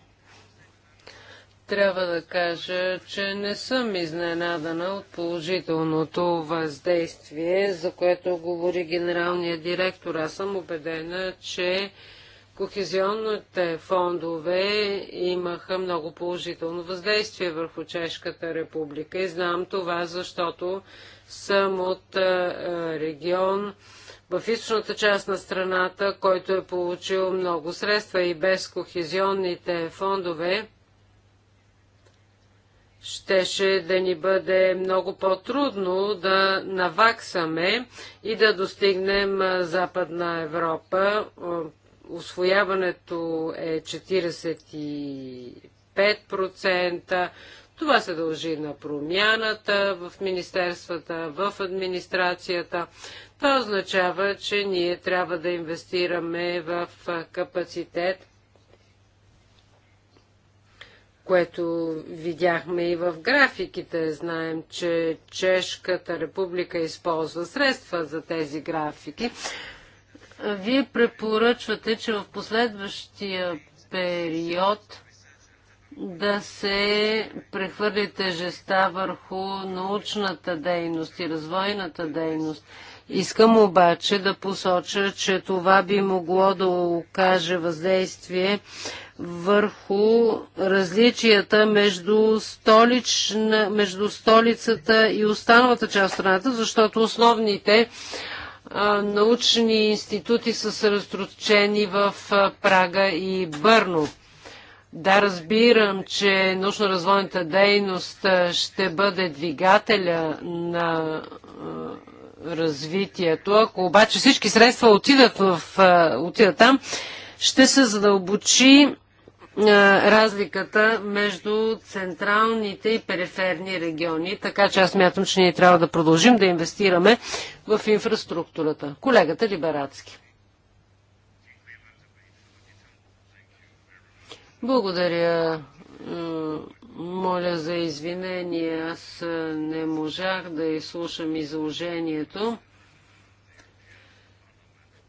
трябва да кажа, че не съм изненадана от положителното въздействие, за което говори генералният директор. Аз съм убедена, че Кохезионните фондове имаха много положително въздействие върху Чешката република и знам това, защото съм от регион в източната част на страната, който е получил много средства и без кохезионните фондове щеше да ни бъде много по-трудно да наваксаме и да достигнем Западна Европа. Освояването е 45%. Това се дължи на промяната в министерствата, в администрацията. Това означава, че ние трябва да инвестираме в капацитет – което видяхме и в графиките. Знаем, че Чешката република използва средства за тези графики. Вие препоръчвате, че в последващия период да се прехвърли тежеста върху научната дейност и развойната дейност. Искам обаче да посоча, че това би могло да окаже въздействие върху различията между, столична, между столицата и останалата част от страната, защото основните научни институти са се в Прага и Бърно. Да, разбирам, че научно-развойната дейност ще бъде двигателя на развитието. Ако обаче всички средства отидат, в, отидат там, ще се задълбочи разликата между централните и периферни региони, така че аз мятам, че ние трябва да продължим да инвестираме в инфраструктурата. Колегата Либерацки. Благодаря. Моля за извинение, аз не можах да изслушам изложението.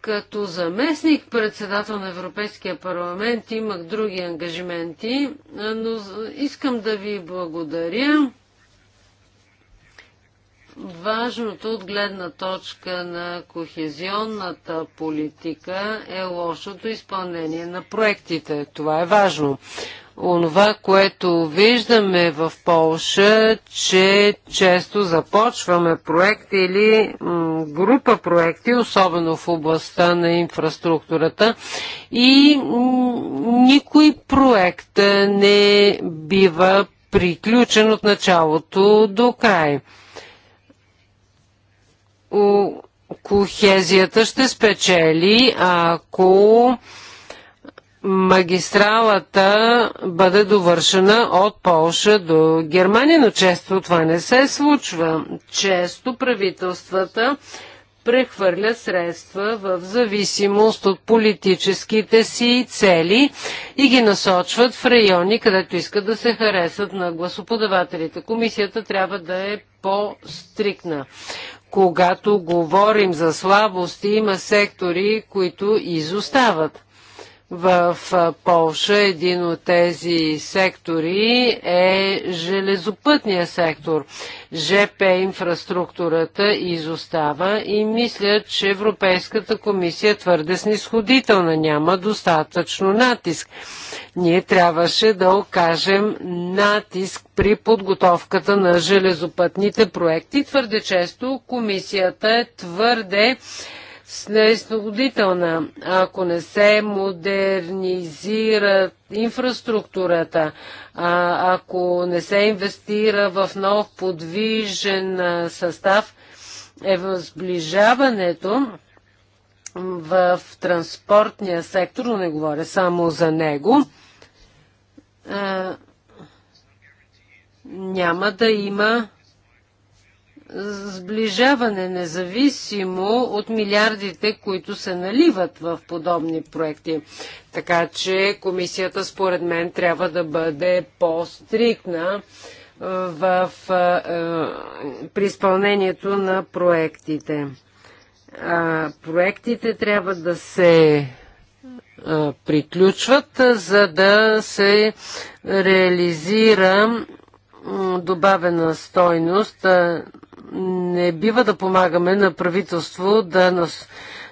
Като заместник председател на Европейския парламент имах други ангажименти, но искам да ви благодаря. Важното от гледна точка на кохезионната политика е лошото изпълнение на проектите. Това е важно онова, което виждаме в Полша, че често започваме проекти или група проекти, особено в областта на инфраструктурата и никой проект не бива приключен от началото до край. Кохезията ще спечели, ако магистралата бъде довършена от Полша до Германия, но често това не се случва. Често правителствата прехвърлят средства в зависимост от политическите си цели и ги насочват в райони, където искат да се харесат на гласоподавателите. Комисията трябва да е по-стрикна. Когато говорим за слабости, има сектори, които изостават. В Полша един от тези сектори е железопътния сектор. ЖП инфраструктурата изостава и мисля, че Европейската комисия твърде снисходителна, няма достатъчно натиск. Ние трябваше да окажем натиск при подготовката на железопътните проекти. Твърде често комисията е твърде снеснодителна, ако не се модернизира инфраструктурата, а, ако не се инвестира в нов подвижен състав, е възближаването в транспортния сектор, но не говоря само за него, няма да има сближаване, независимо от милиардите, които се наливат в подобни проекти. Така че комисията, според мен, трябва да бъде по-стрикна е, в, е, е, при изпълнението на проектите. А, проектите трябва да се приключват, за да се реализира добавена стойност не бива да помагаме на правителство да, нас,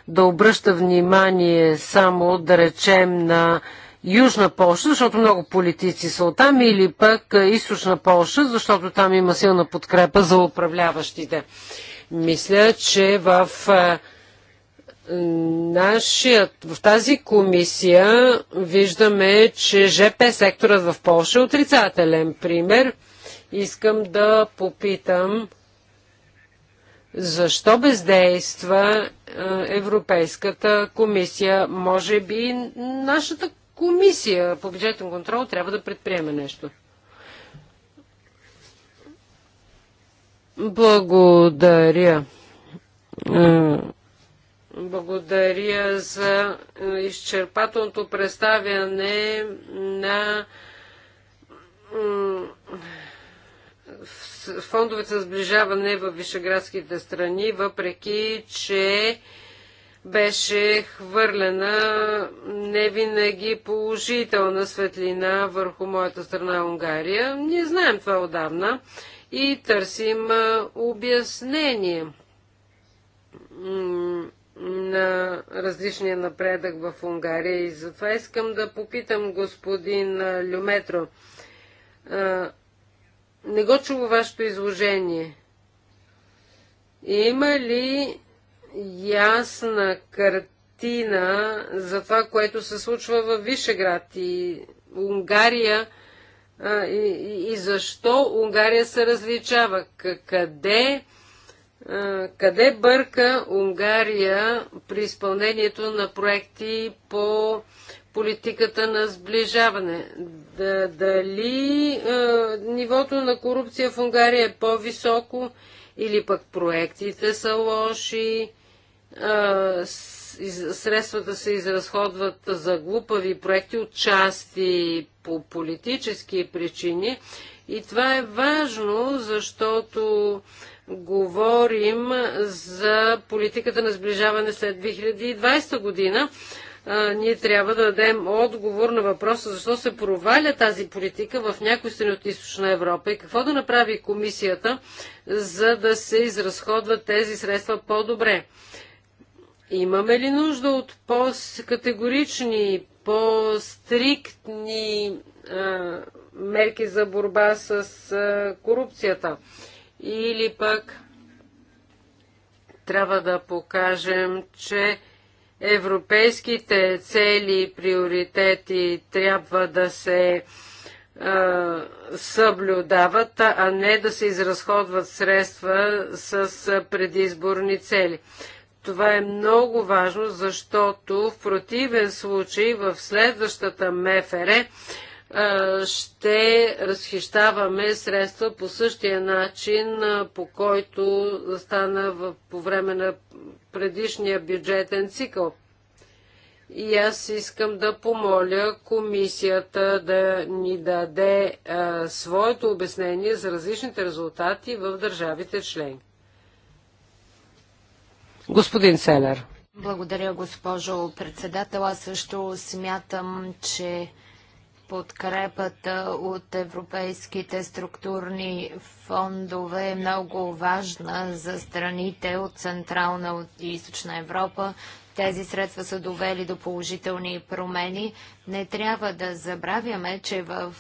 да обръща внимание само, да речем, на Южна Польша, защото много политици са от там, или пък Източна Польша, защото там има силна подкрепа за управляващите. Мисля, че в нашият, в тази комисия виждаме, че ЖП секторът в Польша е отрицателен пример. Искам да попитам защо бездейства е, Европейската комисия? Може би нашата комисия по бюджетен контрол трябва да предприеме нещо. Благодаря. Е, благодаря за е, изчерпателното представяне на фондовете за сближаване в Вишеградските страни, въпреки че беше хвърлена не винаги положителна светлина върху моята страна Унгария. Ние знаем това отдавна и търсим обяснение на различния напредък в Унгария. И затова искам да попитам господин Люметро не го чува вашето изложение. Има ли ясна картина за това, което се случва в Вишеград и Унгария а, и, и защо Унгария се различава? Къде, а, къде бърка Унгария при изпълнението на проекти по а, политиката на сближаване. Да, дали е, нивото на корупция в Унгария е по-високо или пък проектите са лоши, е, средствата се изразходват за глупави проекти от части по политически причини. И това е важно, защото говорим за политиката на сближаване след 2020 година а, ние трябва да дадем отговор на въпроса защо се проваля тази политика в някои страни от източна Европа и какво да направи комисията, за да се изразходват тези средства по-добре. Имаме ли нужда от по-категорични, по-стриктни мерки за борба с а, корупцията? Или пък трябва да покажем, че Европейските цели и приоритети трябва да се съблюдават, а не да се изразходват средства с предизборни цели. Това е много важно, защото в противен случай в следващата МФР ще разхищаваме средства по същия начин, по който стана в, по време на предишния бюджетен цикъл. И аз искам да помоля комисията да ни даде а, своето обяснение за различните резултати в държавите член. Господин Селер. Благодаря, госпожо председател. Аз също смятам, че подкрепата от европейските структурни фондове е много важна за страните от Централна и Източна Европа. Тези средства са довели до положителни промени. Не трябва да забравяме, че в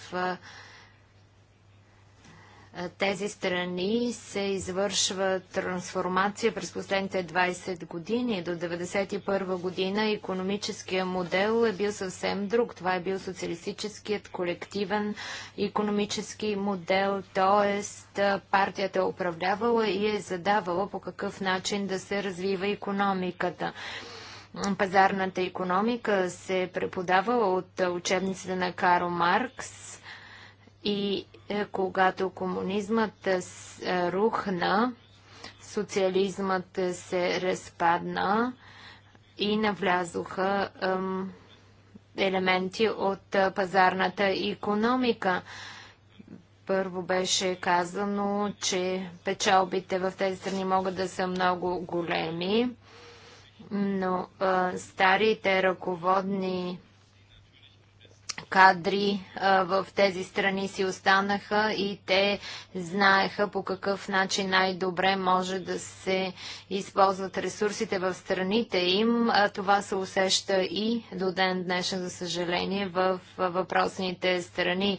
тези страни се извършва трансформация през последните 20 години. До 1991 година економическия модел е бил съвсем друг. Това е бил социалистическият колективен економически модел, т.е. партията е управлявала и е задавала по какъв начин да се развива економиката пазарната економика се преподавала от учебниците на Карл Маркс и е, когато комунизмът е, рухна, социализмът се разпадна и навлязоха елементи от е, пазарната економика. Първо беше казано, че печалбите в тези страни могат да са много големи, но старите ръководни кадри в тези страни си останаха и те знаеха по какъв начин най-добре може да се използват ресурсите в страните им. Това се усеща и до ден днешен, за съжаление, в въпросните страни.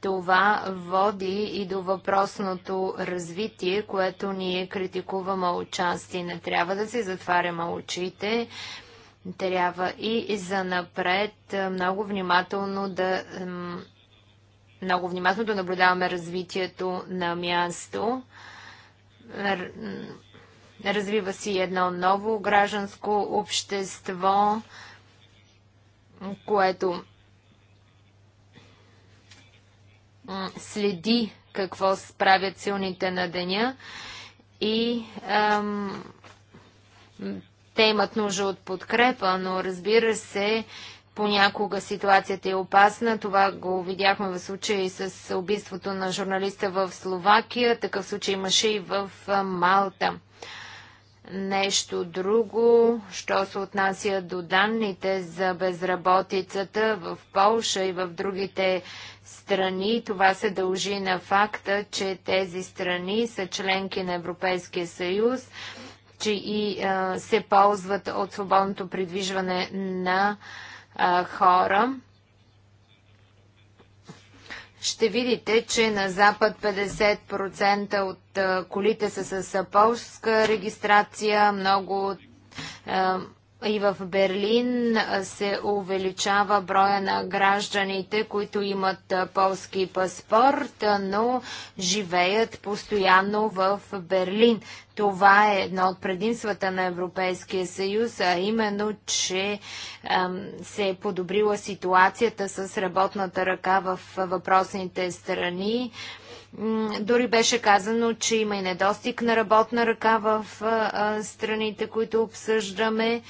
Това води и до въпросното развитие, което ние критикуваме отчасти. Не трябва да си затваряме очите трябва и за напред е, много внимателно да много внимателно да наблюдаваме развитието на място. Развива си едно ново гражданско общество, което следи какво правят силните на деня и ам, те имат нужда от подкрепа, но разбира се, понякога ситуацията е опасна. Това го видяхме в случай с убийството на журналиста в Словакия. Такъв случай имаше и в Малта. Нещо друго, що се отнася до данните за безработицата в Полша и в другите страни, това се дължи на факта, че тези страни са членки на Европейския съюз че и а, се ползват от свободното придвижване на а, хора. Ще видите, че на Запад 50% от а, колите са с полска регистрация, много от и в Берлин се увеличава броя на гражданите, които имат полски паспорт, но живеят постоянно в Берлин. Това е едно от предимствата на Европейския съюз, а именно, че ем, се е подобрила ситуацията с работната ръка в въпросните страни. Дори беше казано, че има и недостиг на работна ръка в страните, които обсъждаме.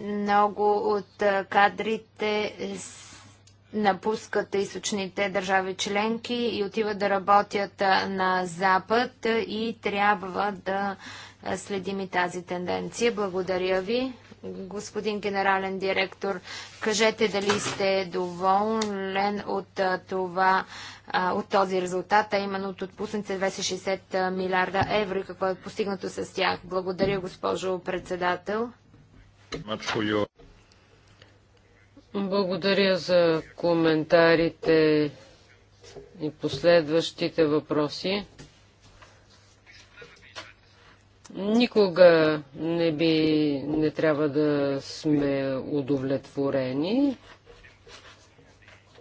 Много от кадрите са напускат източните държави членки и отиват да работят на Запад и трябва да следим и тази тенденция. Благодаря ви. Господин генерален директор, кажете дали сте доволен от това, от този резултат, а именно от отпуснете 260 милиарда евро и какво е постигнато с тях. Благодаря, госпожо председател. Благодаря за коментарите и последващите въпроси. Никога не би не трябва да сме удовлетворени.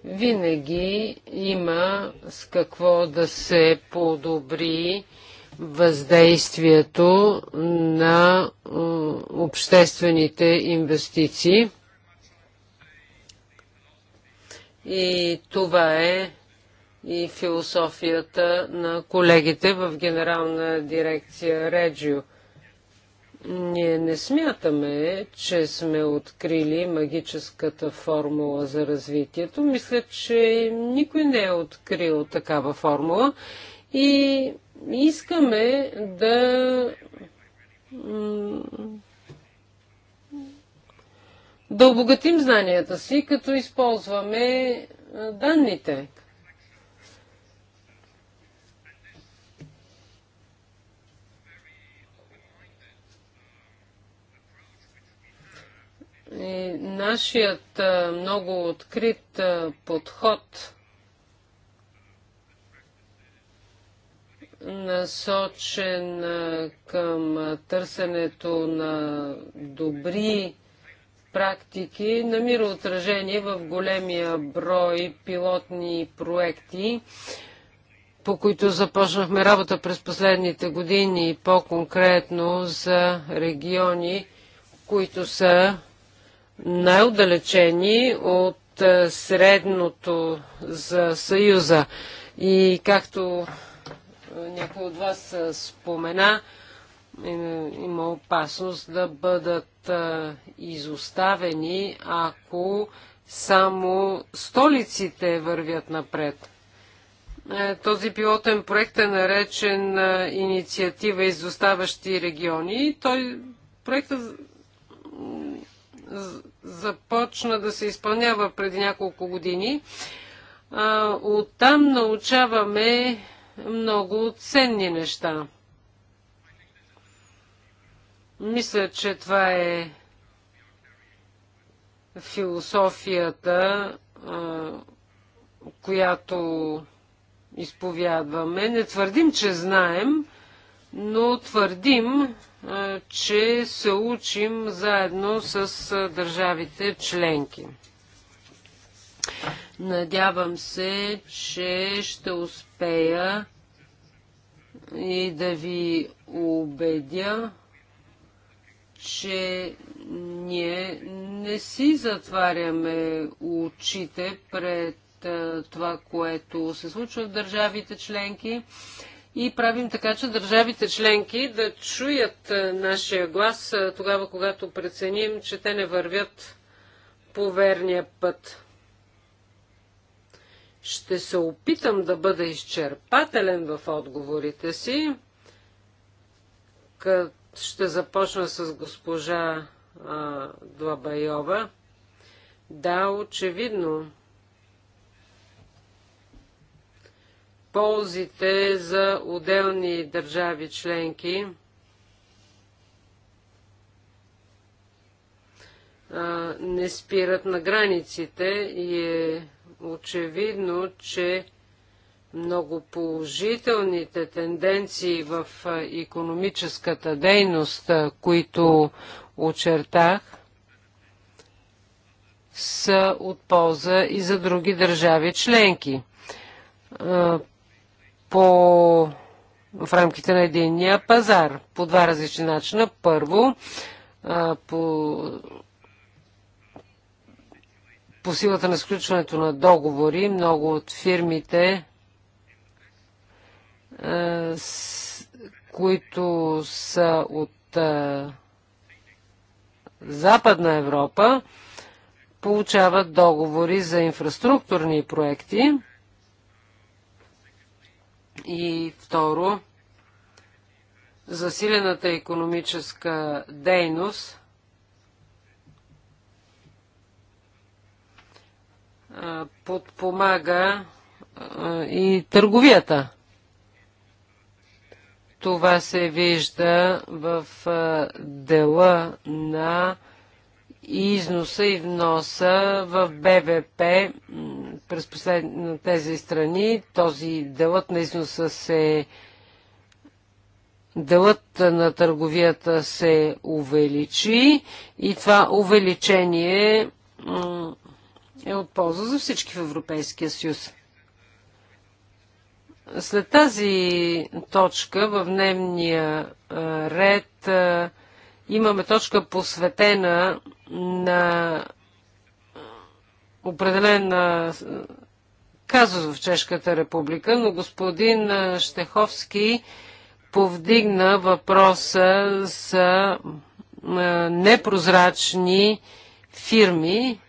Винаги има с какво да се подобри въздействието на обществените инвестиции. И това е и философията на колегите в Генерална дирекция Реджио. Ние не смятаме, че сме открили магическата формула за развитието. Мисля, че никой не е открил такава формула и искаме да да обогатим знанията си, като използваме данните. И нашият много открит подход насочен към търсенето на добри практики намира отражение в големия брой пилотни проекти, по които започнахме работа през последните години, по-конкретно за региони, които са най-отдалечени от е, средното за Съюза. И както е, някой от вас е, спомена, има опасност да бъдат изоставени, ако само столиците вървят напред. Е, този пилотен проект е наречен инициатива изоставащи региони и той проектът започна да се изпълнява преди няколко години. Оттам научаваме много ценни неща. Мисля, че това е философията, която изповядваме. Не твърдим, че знаем, но твърдим, че се учим заедно с държавите членки. Надявам се, че ще успея и да ви убедя че ние не си затваряме очите пред това, което се случва в държавите членки и правим така, че държавите членки да чуят нашия глас тогава, когато преценим, че те не вървят по верния път. Ще се опитам да бъда изчерпателен в отговорите си, като ще започна с госпожа а, Длабайова. Да, очевидно. Ползите за отделни държави членки а, не спират на границите и е очевидно, че много положителните тенденции в економическата дейност, които очертах, са от полза и за други държави членки. По, в рамките на единния пазар по два различни начина. Първо, по по силата на сключването на договори, много от фирмите които са от Западна Европа, получават договори за инфраструктурни проекти. И второ, засилената економическа дейност подпомага и търговията. Това се вижда в дела на износа и вноса в БВП през последните тези страни. Този делът на износа се делът на търговията се увеличи и това увеличение е от полза за всички в Европейския съюз. След тази точка в дневния ред имаме точка посветена на определен казус в Чешката република, но господин Штеховски повдигна въпроса за непрозрачни фирми,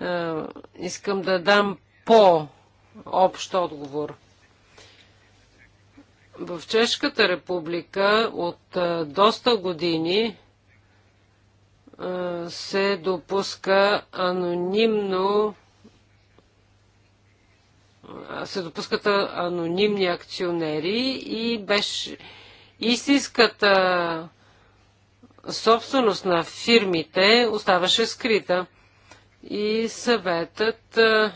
Е, искам да дам по-общ отговор. В Чешката република от е, доста години е, се допуска анонимно се допускат анонимни акционери и беше истинската собственост на фирмите оставаше скрита и съветът е,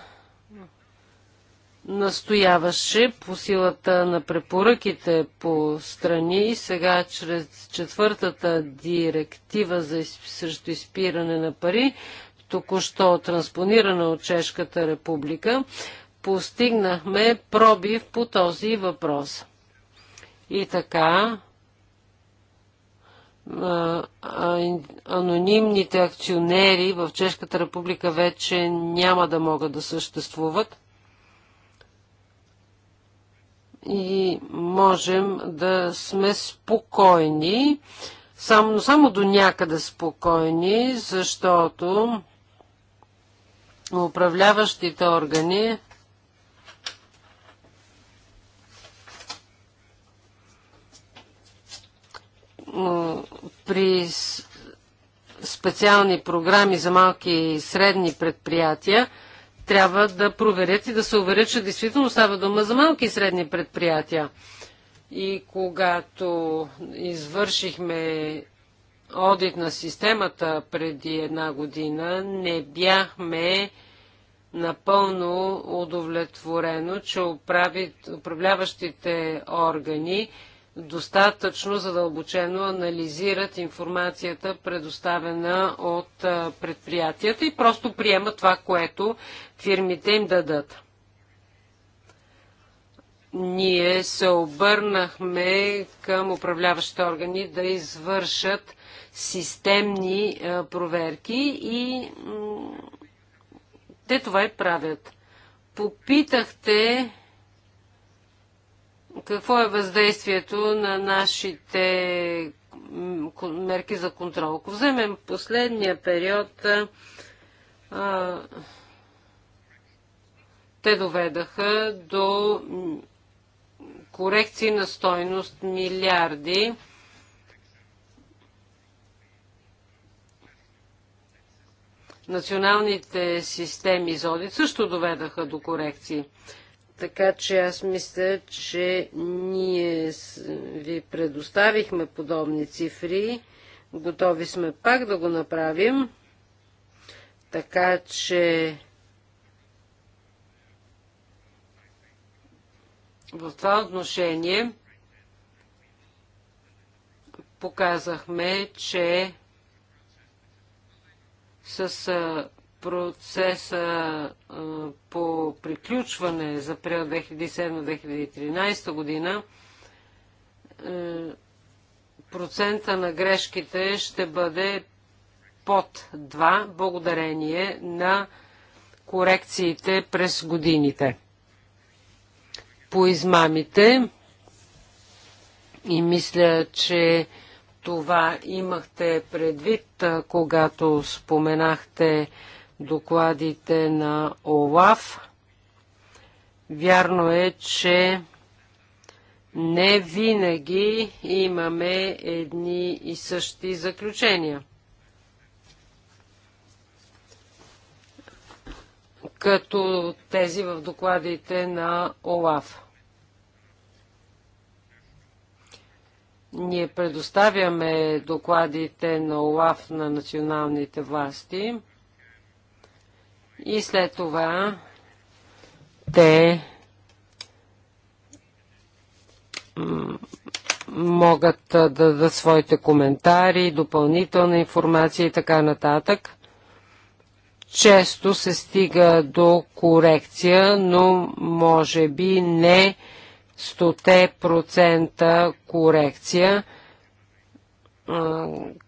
настояваше по силата на препоръките по страни и сега чрез четвъртата директива за срещу изпиране на пари, току-що транспонирана от Чешката република, постигнахме пробив по този въпрос. И така, анонимните акционери в Чешката република вече няма да могат да съществуват и можем да сме спокойни, само, само до някъде спокойни, защото управляващите органи при специални програми за малки и средни предприятия, трябва да проверят и да се уверят, че действително става дума за малки и средни предприятия. И когато извършихме одит на системата преди една година, не бяхме напълно удовлетворено, че управляващите органи достатъчно задълбочено анализират информацията, предоставена от предприятията и просто приемат това, което фирмите им дадат. Ние се обърнахме към управляващите органи да извършат системни проверки и те това и правят. Попитахте какво е въздействието на нашите мерки за контрол? Ако вземем последния период, а, те доведаха до корекции на стойност милиарди. Националните системи за също доведаха до корекции. Така че аз мисля, че ние ви предоставихме подобни цифри. Готови сме пак да го направим. Така че в това отношение показахме, че с процеса по приключване за период 2007-2013 година, е, процента на грешките ще бъде под 2, благодарение на корекциите през годините. По измамите и мисля, че това имахте предвид, когато споменахте докладите на ОЛАФ. Вярно е, че не винаги имаме едни и същи заключения. като тези в докладите на ОЛАФ. Ние предоставяме докладите на ОЛАФ на националните власти. И след това те могат да дадат своите коментари, допълнителна информация и така нататък. Често се стига до корекция, но може би не 100% корекция,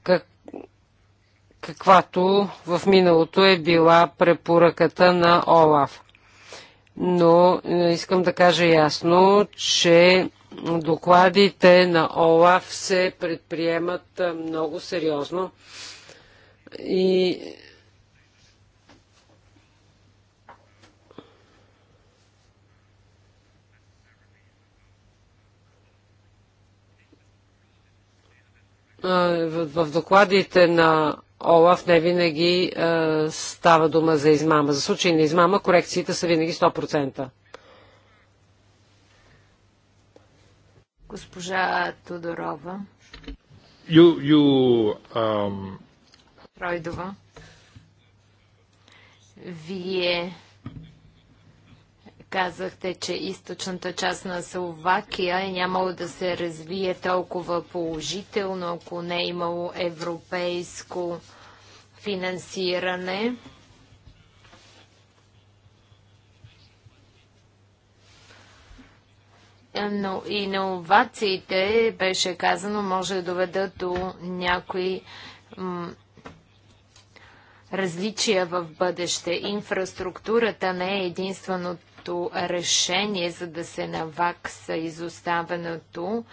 как, каквато в миналото е била препоръката на ОЛАФ. Но е, искам да кажа ясно, че докладите на ОЛАФ се предприемат е, много сериозно и е, в, в докладите на Олаф не винаги става дума за измама. За случай на измама корекциите са винаги 100%. Госпожа Тодорова. You, you, um... Ройдова. Вие Казахте, че източната част на Словакия е нямало да се развие толкова положително, ако не е имало европейско финансиране. Но иновациите, беше казано, може да доведат до някои различия в бъдеще. Инфраструктурата не е единственото като решение, за да се навакса изоставането.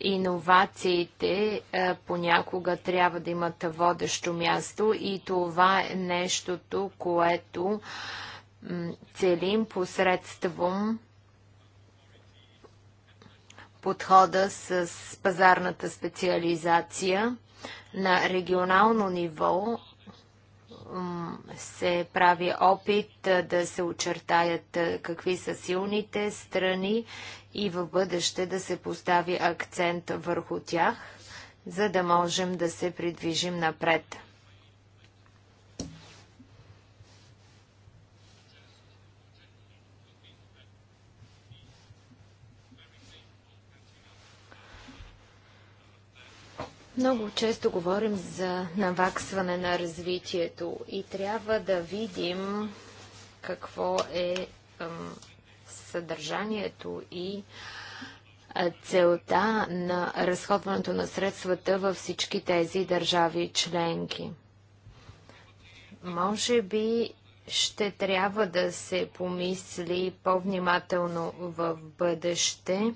Иновациите е, понякога трябва да имат водещо място и това е нещото, което целим посредством подхода с пазарната специализация на регионално ниво се прави опит да се очертаят какви са силните страни и в бъдеще да се постави акцент върху тях, за да можем да се придвижим напред. Много често говорим за наваксване на развитието и трябва да видим какво е ъм, съдържанието и целта на разходването на средствата във всички тези държави членки. Може би ще трябва да се помисли по-внимателно в бъдеще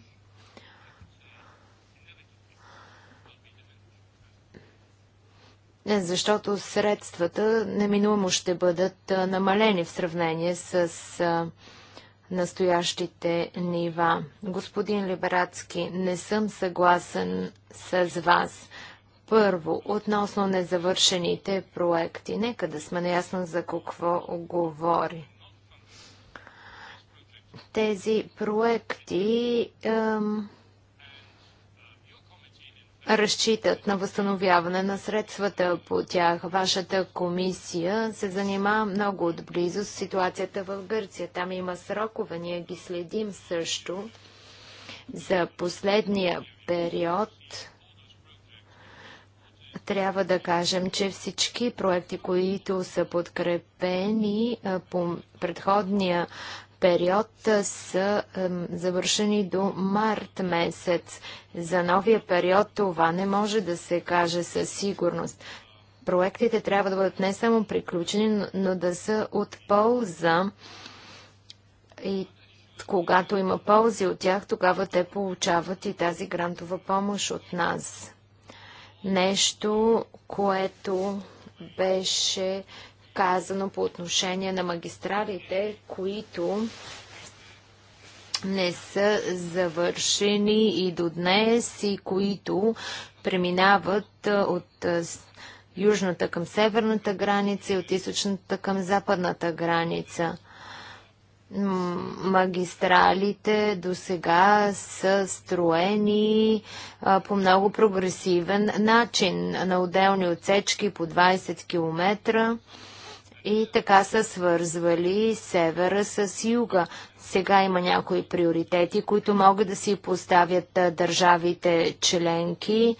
защото средствата неминуемо ще бъдат намалени в сравнение с настоящите нива. Господин Либерацки, не съм съгласен с вас. Първо, относно незавършените проекти. Нека да сме наясно за какво говори. Тези проекти ем, разчитат на възстановяване на средствата по тях. Вашата комисия се занимава много отблизо с ситуацията в Гърция. Там има срокове, ние ги следим също. За последния период трябва да кажем, че всички проекти, които са подкрепени по предходния период са завършени до март месец. За новия период това не може да се каже със сигурност. Проектите трябва да бъдат не само приключени, но да са от полза и когато има ползи от тях, тогава те получават и тази грантова помощ от нас. Нещо, което беше казано по отношение на магистралите, които не са завършени и до днес и които преминават от южната към северната граница и от източната към западната граница. Магистралите до сега са строени по много прогресивен начин на отделни отсечки по 20 км и така са свързвали севера с юга. Сега има някои приоритети, които могат да си поставят държавите членки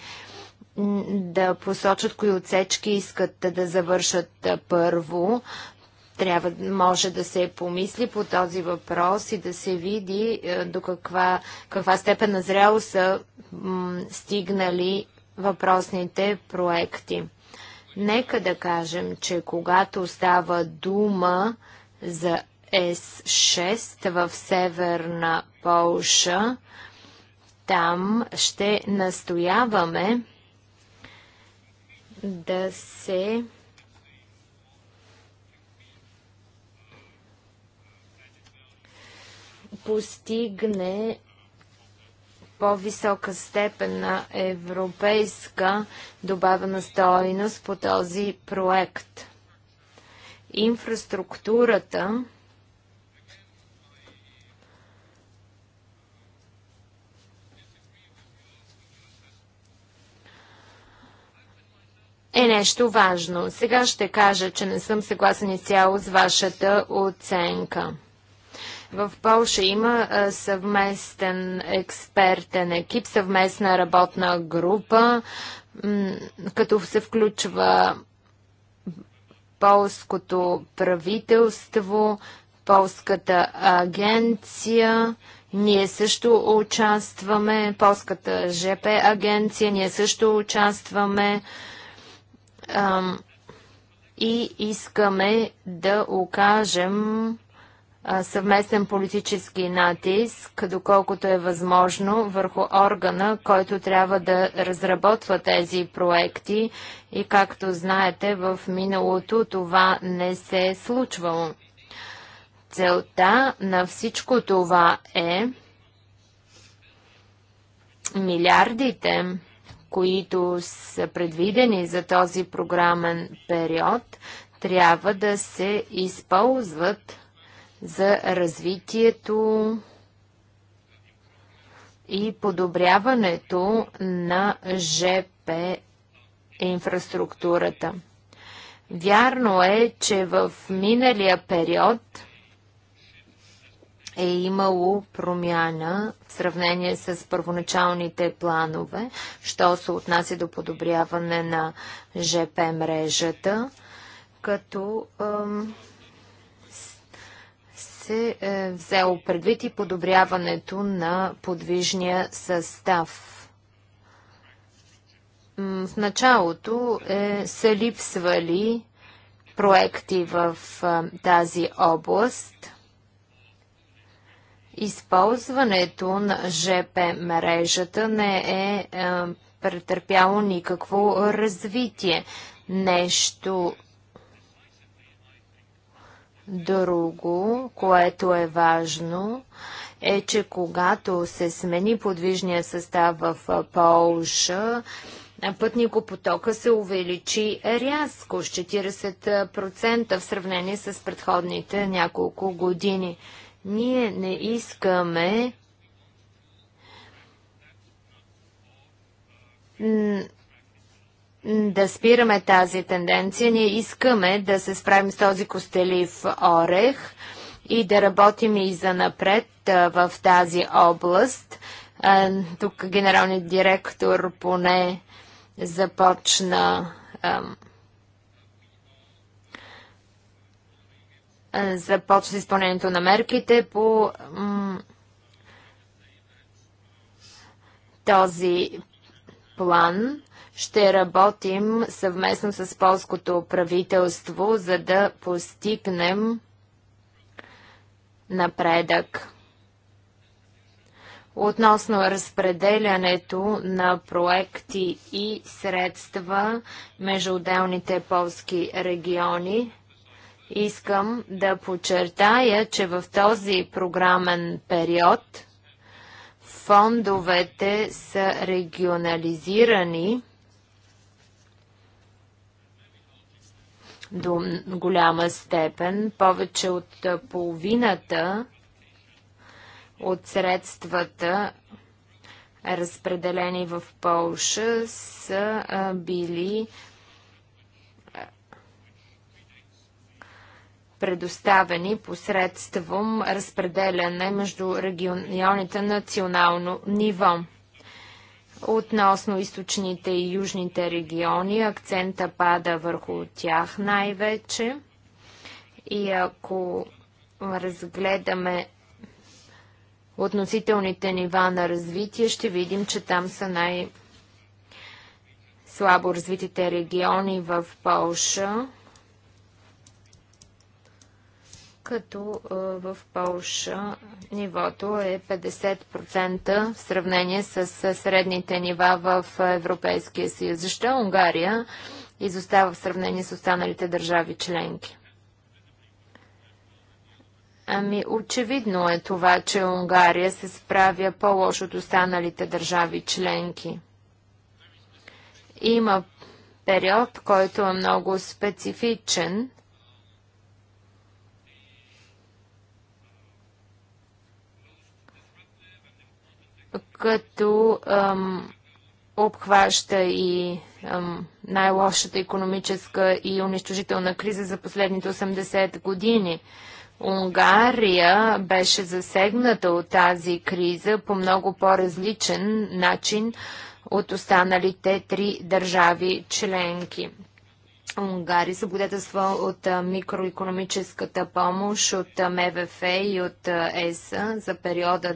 да посочат кои отсечки искат да завършат първо. Трябва, може да се помисли по този въпрос и да се види до каква, каква степен на зрело са стигнали въпросните проекти. Нека да кажем, че когато става дума за С6 в Северна Полша, там ще настояваме да се постигне по-висока степен на европейска добавена стоеност по този проект. Инфраструктурата е нещо важно. Сега ще кажа, че не съм съгласен изцяло с вашата оценка. В Полша има съвместен експертен екип, съвместна работна група, като се включва полското правителство, полската агенция. Ние също участваме, полската ЖП агенция, ние също участваме и искаме да окажем съвместен политически натиск, доколкото е възможно, върху органа, който трябва да разработва тези проекти. И както знаете, в миналото това не се е случвало. Целта на всичко това е милиардите, които са предвидени за този програмен период, трябва да се използват за развитието и подобряването на ЖП инфраструктурата. Вярно е, че в миналия период е имало промяна в сравнение с първоначалните планове, що се отнася до подобряване на ЖП мрежата, като се е взело предвид и подобряването на подвижния състав. В началото е, са липсвали проекти в е, тази област. Използването на ЖП мрежата не е, е претърпяло никакво развитие. Нещо Друго, което е важно, е, че когато се смени подвижния състав в Полша, пътникопотока се увеличи рязко с 40% в сравнение с предходните няколко години. Ние не искаме да спираме тази тенденция. Ние искаме да се справим с този костелив орех и да работим и за напред в тази област. тук генералният директор поне започна започва изпълнението на мерките по този план. Ще работим съвместно с полското правителство, за да постигнем напредък. Относно разпределянето на проекти и средства между отделните полски региони, искам да подчертая, че в този програмен период фондовете са регионализирани до голяма степен. Повече от половината от средствата, разпределени в Полша, са били предоставени посредством разпределяне между регионите национално ниво. Относно източните и южните региони, акцента пада върху тях най-вече. И ако разгледаме относителните нива на развитие, ще видим, че там са най- слабо развитите региони в Полша като в Полша нивото е 50% в сравнение с средните нива в Европейския съюз. Защо Унгария изостава в сравнение с останалите държави членки? Ами, очевидно е това, че Унгария се справя по-лошо от останалите държави членки. Има период, който е много специфичен като ам, обхваща и най-лошата економическа и унищожителна криза за последните 80 години. Унгария беше засегната от тази криза по много по-различен начин от останалите три държави членки. Унгари се от микроекономическата помощ от МВФ и от ЕС за периода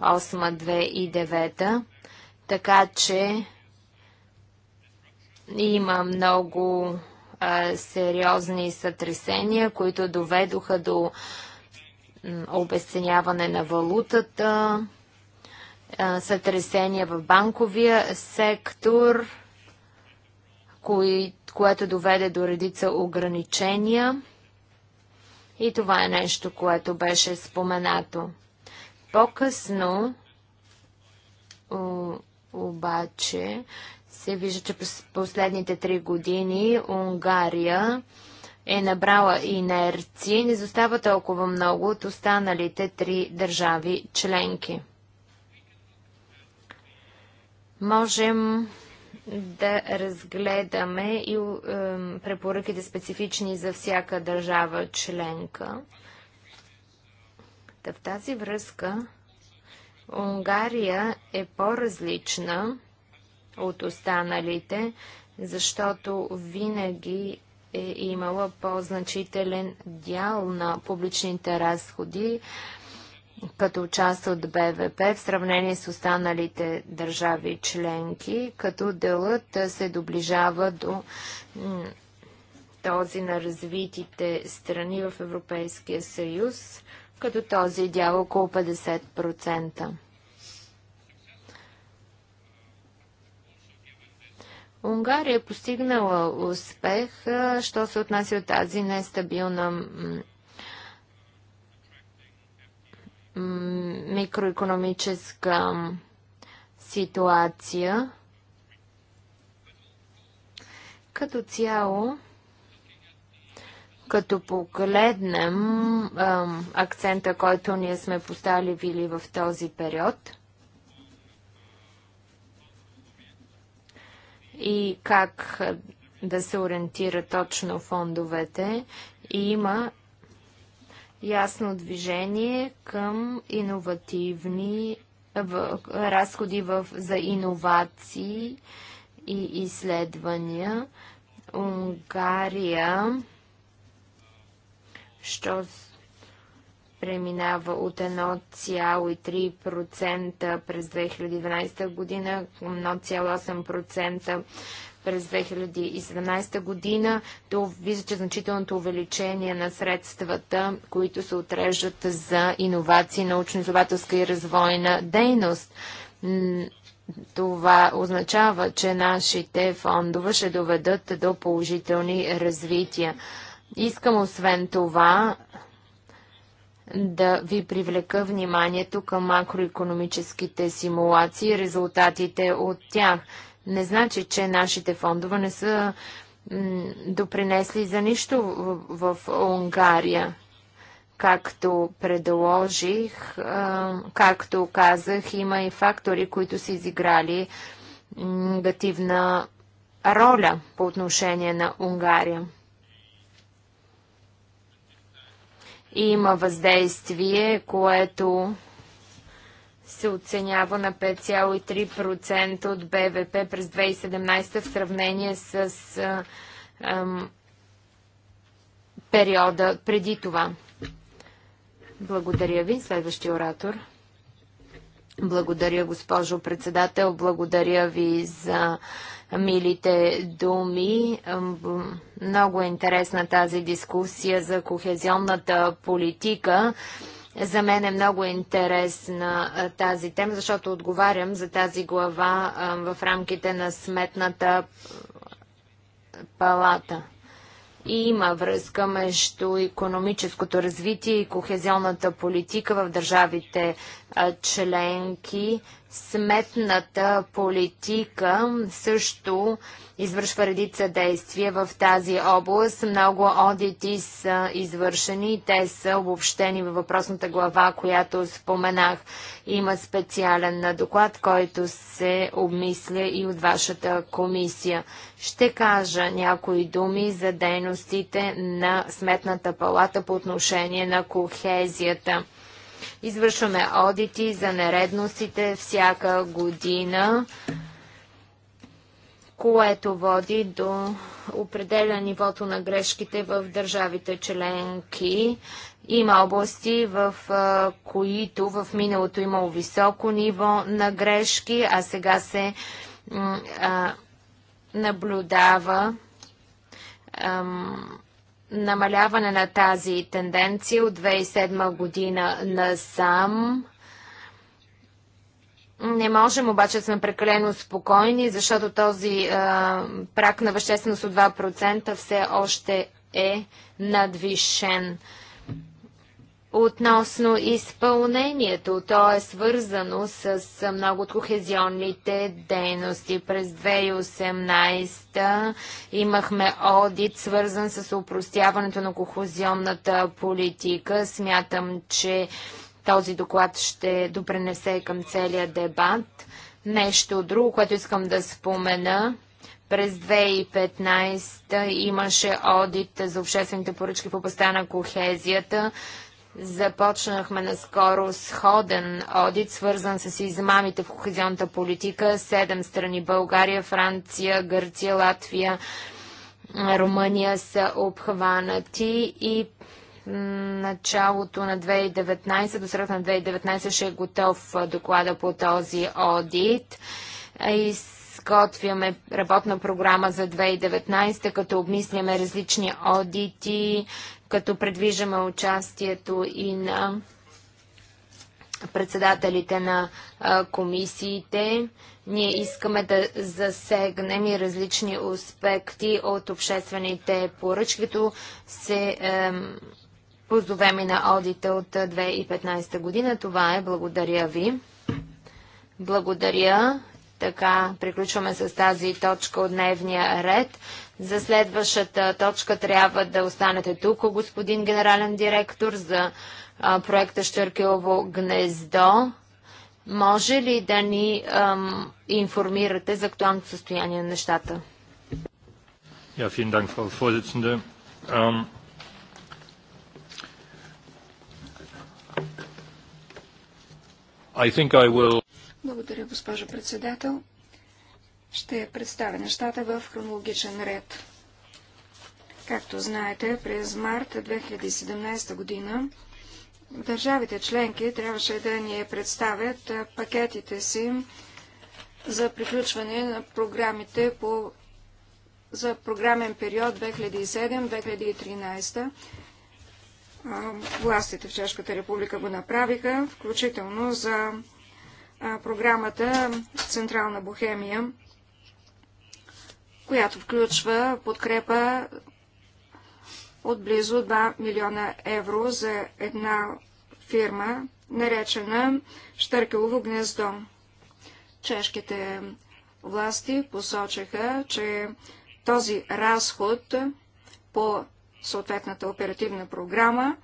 2008-2009. Така че има много а, сериозни сътресения, които доведоха до обесценяване на валутата, а, сътресения в банковия сектор, които което доведе до редица ограничения. И това е нещо, което беше споменато. По-късно обаче се вижда, че през последните три години Унгария е набрала инерции, не застава толкова много от останалите три държави членки. Можем да разгледаме и е, препоръките специфични за всяка държава членка. Та в тази връзка Унгария е по-различна от останалите, защото винаги е имала по-значителен дял на публичните разходи като част от БВП в сравнение с останалите държави членки, като делът се доближава до този на развитите страни в Европейския съюз, като този дял около 50%. Унгария е постигнала успех, що се отнася от тази нестабилна микроекономическа ситуация. Като цяло, като погледнем акцента, който ние сме поставили в този период и как да се ориентира точно фондовете, и има ясно движение към иновативни в, разходи в, за иновации и изследвания. Унгария, що преминава от 1,3% през 2012 година към 1,8% през 2017 година. То вижда, че значителното увеличение на средствата, които се отреждат за иновации, научно-изобателска и развойна дейност. Това означава, че нашите фондове ще доведат до положителни развития. Искам освен това да ви привлека вниманието към макроекономическите симулации и резултатите от тях не значи, че нашите фондове не са допринесли за нищо в, в, Унгария. Както предложих, както казах, има и фактори, които са изиграли негативна роля по отношение на Унгария. И има въздействие, което се оценява на 5,3% от БВП през 2017 в сравнение с а, а, периода преди това. Благодаря ви. Следващия оратор. Благодаря, госпожо председател. Благодаря ви за милите думи. Много е интересна тази дискусия за кохезионната политика. За мен е много интересна тази тема, защото отговарям за тази глава в рамките на сметната палата. И има връзка между економическото развитие и кохезионната политика в държавите членки. Сметната политика също извършва редица действия в тази област. Много одити са извършени те са обобщени във въпросната глава, която споменах. Има специален доклад, който се обмисля и от вашата комисия. Ще кажа някои думи за дейностите на Сметната палата по отношение на кохезията. Извършваме одити за нередностите всяка година, което води до определя нивото на грешките в държавите членки. Има области, в които в миналото имало високо ниво на грешки, а сега се наблюдава намаляване на тази тенденция от 2007 година насам. Не можем обаче да сме прекалено спокойни, защото този а, прак на вещественост от 2% все още е надвишен. Относно изпълнението, то е свързано с много от кохезионните дейности. През 2018 имахме одит, свързан с упростяването на кохезионната политика. Смятам, че този доклад ще допренесе към целия дебат. Нещо друго, което искам да спомена, през 2015 имаше одит за обществените поръчки в областта на кохезията. Започнахме наскоро сходен одит, свързан с измамите в кохезионната политика. Седем страни България, Франция, Гърция, Латвия, Румъния са обхванати и началото на 2019, до средата на 2019 ще е готов доклада по този одит. Изготвяме работна програма за 2019, като обмисляме различни одити, като предвиждаме участието и на председателите на комисиите. Ние искаме да засегнем и различни аспекти от обществените поръчки, като се позовеме позовем и на одита от 2015 година. Това е. Благодаря ви. Благодаря. Така, приключваме с тази точка от дневния ред. За следващата точка трябва да останете тук, господин генерален директор, за проекта Штъркилово гнездо. Може ли да ни ам, информирате за актуалното състояние на нещата? Ja, vielen Dank, Frau Vorsitzende. Ähm, I think I will... Благодаря, госпожо председател. Ще представя нещата в хронологичен ред. Както знаете, през март 2017 година държавите членки трябваше да ни представят пакетите си за приключване на програмите по, за програмен период 2007-2013. Властите в Чешката република го направиха, включително за програмата Централна Бохемия която включва подкрепа от близо 2 милиона евро за една фирма, наречена Штъркелово гнездо. Чешките власти посочиха, че този разход по съответната оперативна програма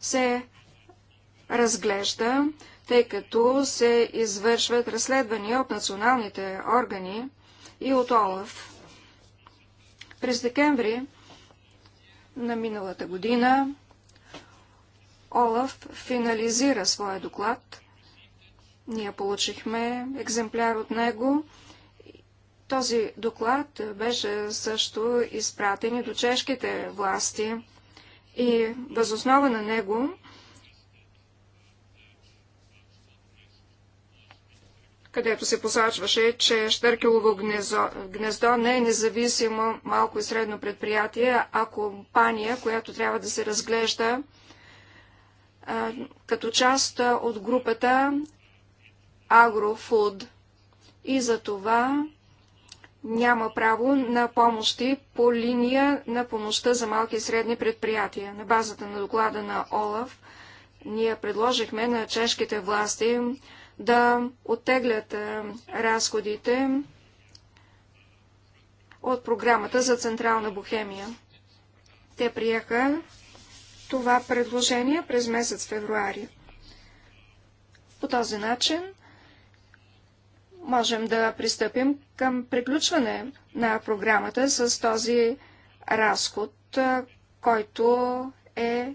се разглежда тъй като се извършват разследвания от националните органи и от ОЛАФ. През декември на миналата година ОЛАФ финализира своя доклад. Ние получихме екземпляр от него. Този доклад беше също изпратен и до чешките власти и възоснова на него където се посочваше, че Штъркелово гнездо, гнездо не е независимо малко и средно предприятие, а компания, която трябва да се разглежда а, като част от групата Агрофуд. И за това няма право на помощи по линия на помощта за малки и средни предприятия. На базата на доклада на ОЛАФ ние предложихме на чешките власти да оттеглят е, разходите от програмата за Централна Бохемия. Те приеха това предложение през месец февруари. По този начин можем да пристъпим към приключване на програмата с този разход, е, който е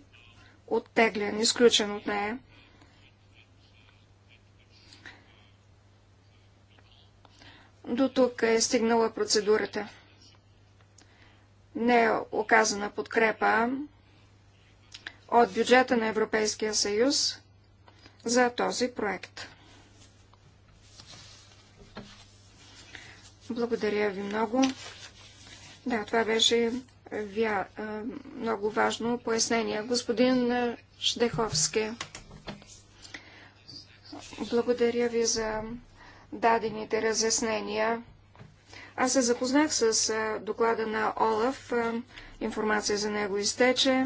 оттеглен, изключен от нея. До тук е стигнала процедурата. Не е оказана подкрепа от бюджета на Европейския съюз за този проект. Благодаря ви много. Да, това беше вя... много важно пояснение. Господин Шдеховски, благодаря ви за дадените разяснения. Аз се запознах с доклада на Олаф, информация за него изтече.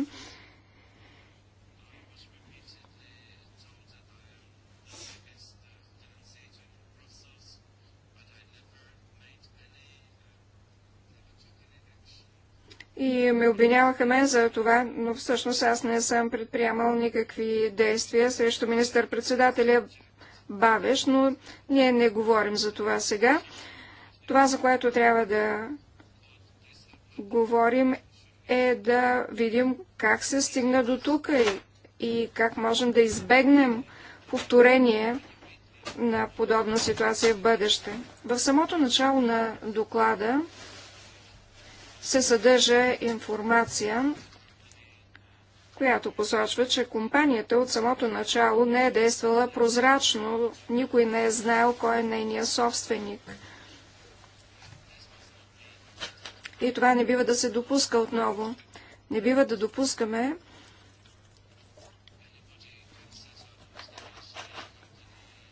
И ме обвиняваха мен за това, но всъщност аз не съм предприемал никакви действия срещу министър-председателя бавеш, но ние не говорим за това сега. Това, за което трябва да говорим, е да видим как се стигна до тук и, и как можем да избегнем повторение на подобна ситуация в бъдеще. В самото начало на доклада се съдържа информация която посочва, че компанията от самото начало не е действала прозрачно, никой не е знаел кой е нейният собственик. И това не бива да се допуска отново. Не бива да допускаме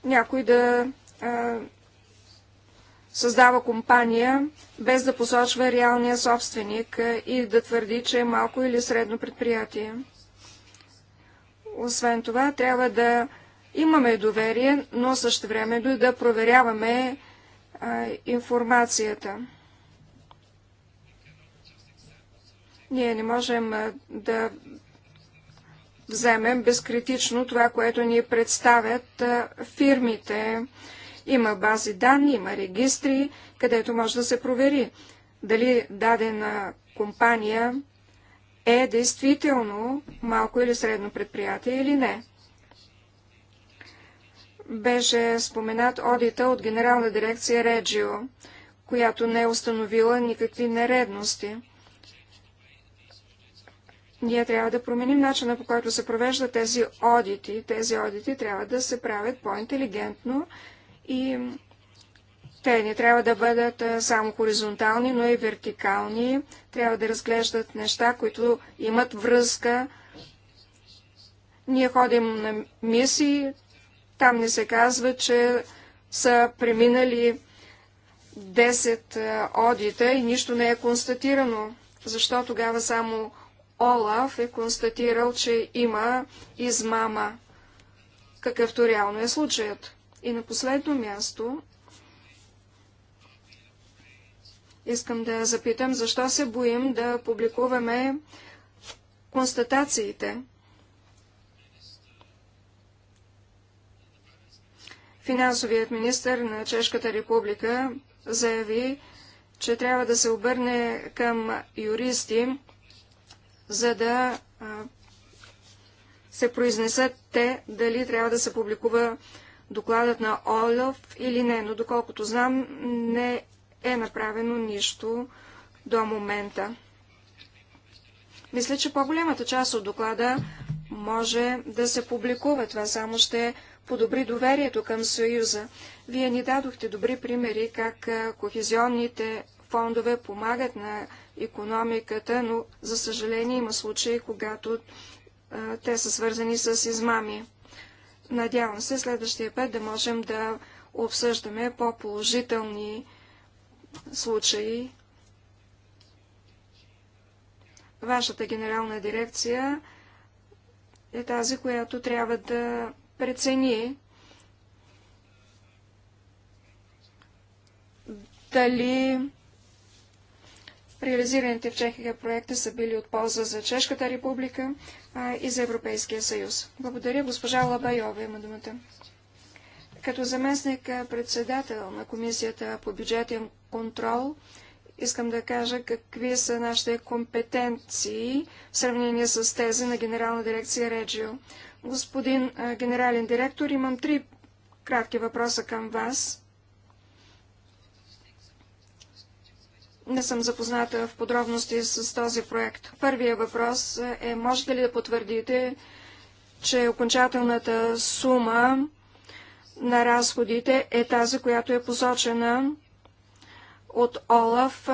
някой да а, създава компания, без да посочва реалния собственик и да твърди, че е малко или средно предприятие. Освен това, трябва да имаме доверие, но също времено да проверяваме а, информацията. Ние не можем а, да вземем безкритично това, което ни представят а, фирмите. Има бази данни, има регистри, където може да се провери дали дадена компания е действително малко или средно предприятие или не. Беше споменат одита от Генерална дирекция Реджио, която не е установила никакви нередности. Ние трябва да променим начина по който се провеждат тези одити. Тези одити трябва да се правят по-интелигентно и те не трябва да бъдат само хоризонтални, но и вертикални. Трябва да разглеждат неща, които имат връзка. Ние ходим на мисии, там не се казва, че са преминали 10 одита и нищо не е констатирано. Защо тогава само Олаф е констатирал, че има измама, какъвто реално е случаят? И на последно място Искам да запитам, защо се боим да публикуваме констатациите. Финансовият министр на Чешката република заяви, че трябва да се обърне към юристи, за да се произнесат те дали трябва да се публикува докладът на Олаф или не. Но доколкото знам, не е направено нищо до момента. Мисля, че по-голямата част от доклада може да се публикува. Това само ще подобри доверието към Съюза. Вие ни дадохте добри примери как кохезионните фондове помагат на економиката, но за съжаление има случаи, когато те са свързани с измами. Надявам се следващия път да можем да обсъждаме по-положителни случаи вашата генерална дирекция е тази, която трябва да прецени дали реализираните в Чехия проекти са били от полза за Чешката република и за Европейския съюз. Благодаря. Госпожа Лабайова има думата. Като заместник председател на Комисията по бюджетен контрол, искам да кажа какви са нашите компетенции в сравнение с тези на Генерална дирекция Реджио. Господин генерален директор, имам три кратки въпроса към вас. Не съм запозната в подробности с този проект. Първия въпрос е, можете ли да потвърдите, че окончателната сума на разходите е тази, която е посочена от ОЛАФ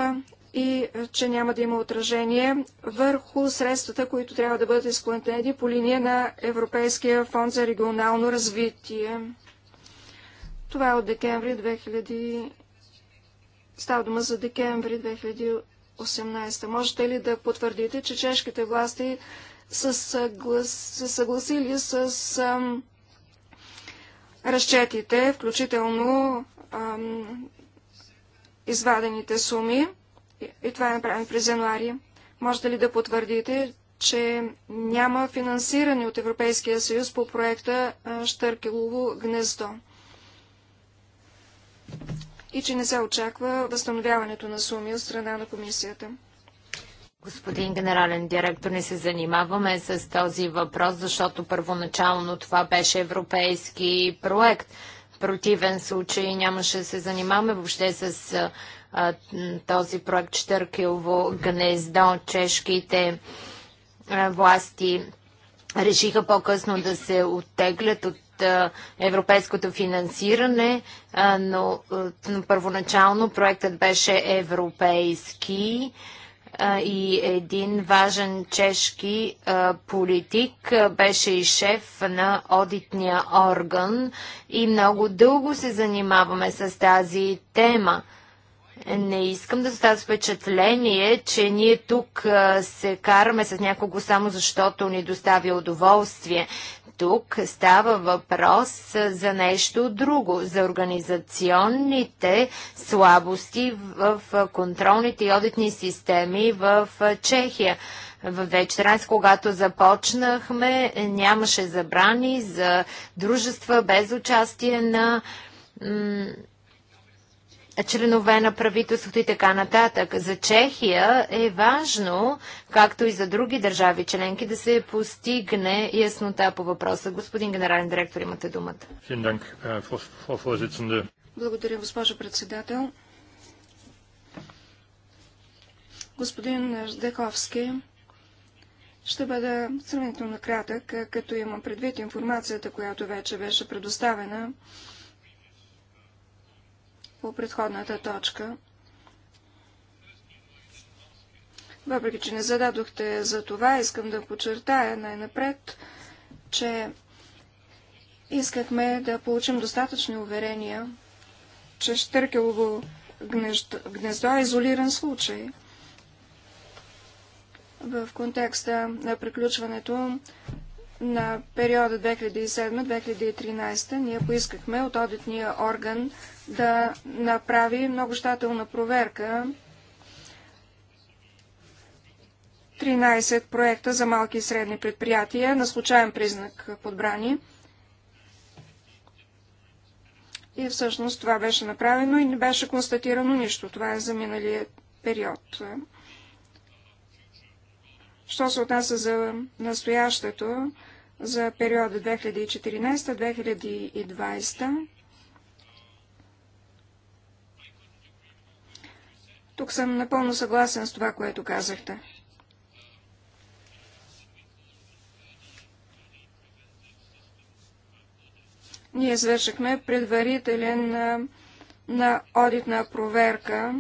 и че няма да има отражение върху средствата, които трябва да бъдат изплатени по линия на Европейския фонд за регионално развитие. Това е от декември 2000... Става дума за декември 2018. Можете ли да потвърдите, че чешките власти са се съгласили с разчетите, включително ам, извадените суми. И това е направено през януари. Можете ли да потвърдите, че няма финансиране от Европейския съюз по проекта Штъркелово гнездо? И че не се очаква възстановяването на суми от страна на комисията. Господин генерален директор, не се занимаваме с този въпрос, защото първоначално това беше европейски проект. В противен случай нямаше да се занимаваме въобще с а, този проект Штъркилово гнездо. Чешките а, власти решиха по-късно да се оттеглят от европейското финансиране, но първоначално проектът беше европейски и един важен чешки политик беше и шеф на одитния орган и много дълго се занимаваме с тази тема. Не искам да става впечатление, че ние тук се караме с някого само защото ни доставя удоволствие тук става въпрос за нещо друго, за организационните слабости в контролните и одитни системи в Чехия. В 2014, когато започнахме, нямаше забрани за дружества без участие на членове на правителството и така нататък. За Чехия е важно, както и за други държави членки, да се постигне яснота по въпроса. Господин генерален директор, имате думата. Äh, Благодаря, госпожо председател. Господин Ждековски, ще бъда сравнително кратък, като имам предвид информацията, която вече беше предоставена по предходната точка. Въпреки, че не зададохте за това, искам да подчертая най-напред, че искахме да получим достатъчни уверения, че Штъркелово гнездо, гнездо е изолиран случай. В контекста на приключването на периода 2007-2013 ние поискахме от одитния орган да направи много щателна проверка 13 проекта за малки и средни предприятия на случайен признак подбрани. И всъщност това беше направено и не беше констатирано нищо. Това е за миналия период. Що се отнася за настоящето, за периода 2014-2020, Тук съм напълно съгласен с това, което казахте. Ние извършихме предварителен на, на одитна проверка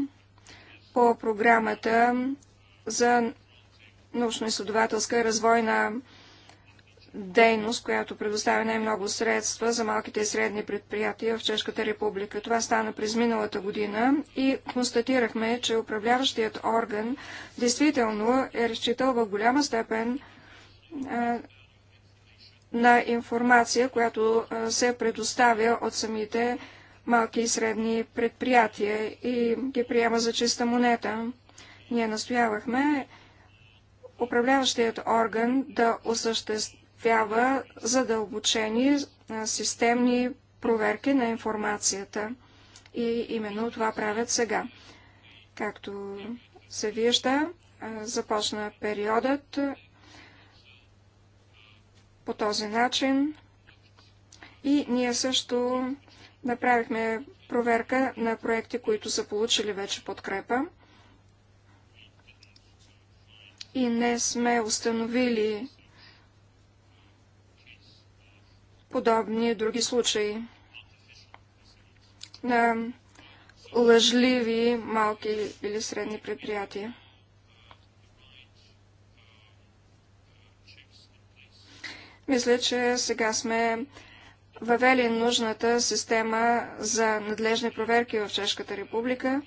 по програмата за научно-изследователска и развойна дейност, която предоставя най-много средства за малките и средни предприятия в Чешката република. Това стана през миналата година и констатирахме, че управляващият орган действително е разчитал в голяма степен на информация, която се предоставя от самите малки и средни предприятия и ги приема за чиста монета. Ние настоявахме управляващият орган да осъществи осъществява задълбочени системни проверки на информацията. И именно това правят сега. Както се вижда, започна периодът по този начин и ние също направихме проверка на проекти, които са получили вече подкрепа и не сме установили подобни други случаи на лъжливи малки или средни предприятия. Мисля, че сега сме въвели нужната система за надлежни проверки в Чешката република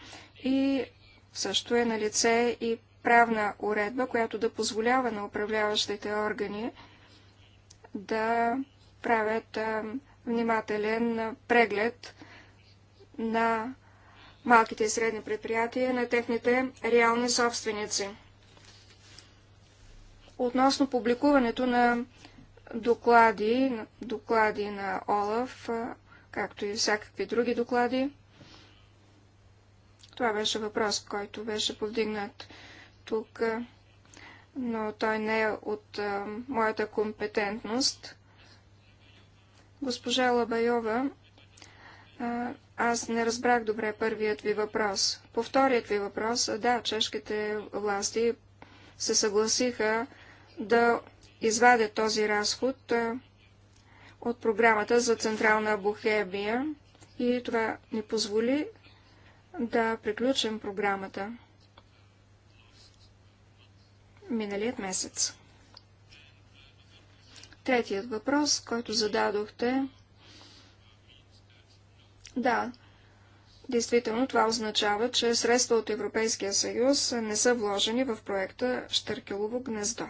и също е на лице и правна уредба, която да позволява на управляващите органи да правят внимателен преглед на малките и средни предприятия, на техните реални собственици. Относно публикуването на доклади, доклади на ОЛАФ, както и всякакви други доклади, това беше въпрос, който беше повдигнат тук, но той не е от а, моята компетентност. Госпожа Лабайова, аз не разбрах добре първият ви въпрос. По вторият ви въпрос, да, чешките власти се съгласиха да извадят този разход от програмата за Централна Бухемия и това ни позволи да приключим програмата миналият месец. Третият въпрос, който зададохте. Да, действително това означава, че средства от Европейския съюз не са вложени в проекта Штъркелово гнездо.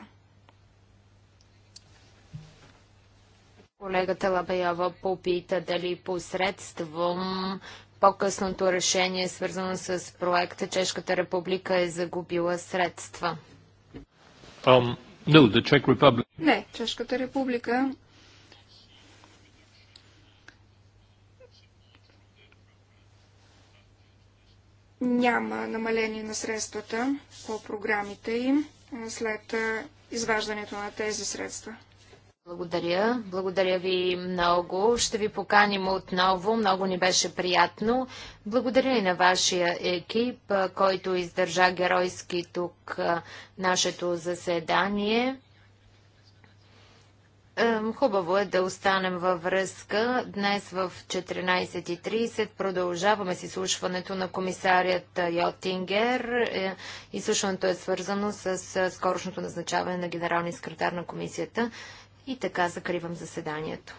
Колегата Лабаява попита дали посредством по-късното решение, свързано с проекта, Чешката република е загубила средства. No, the Czech Republic. Не, Чешката република няма намаление на средствата по програмите им след изваждането на тези средства. Благодаря. Благодаря ви много. Ще ви поканим отново. Много ни беше приятно. Благодаря и на вашия екип, който издържа геройски тук нашето заседание. Хубаво е да останем във връзка. Днес в 14.30 продължаваме с изслушването на комисарият Йотингер. Е, изслушването е свързано с скорошното назначаване на генералния секретар на комисията. И така закривам заседанието.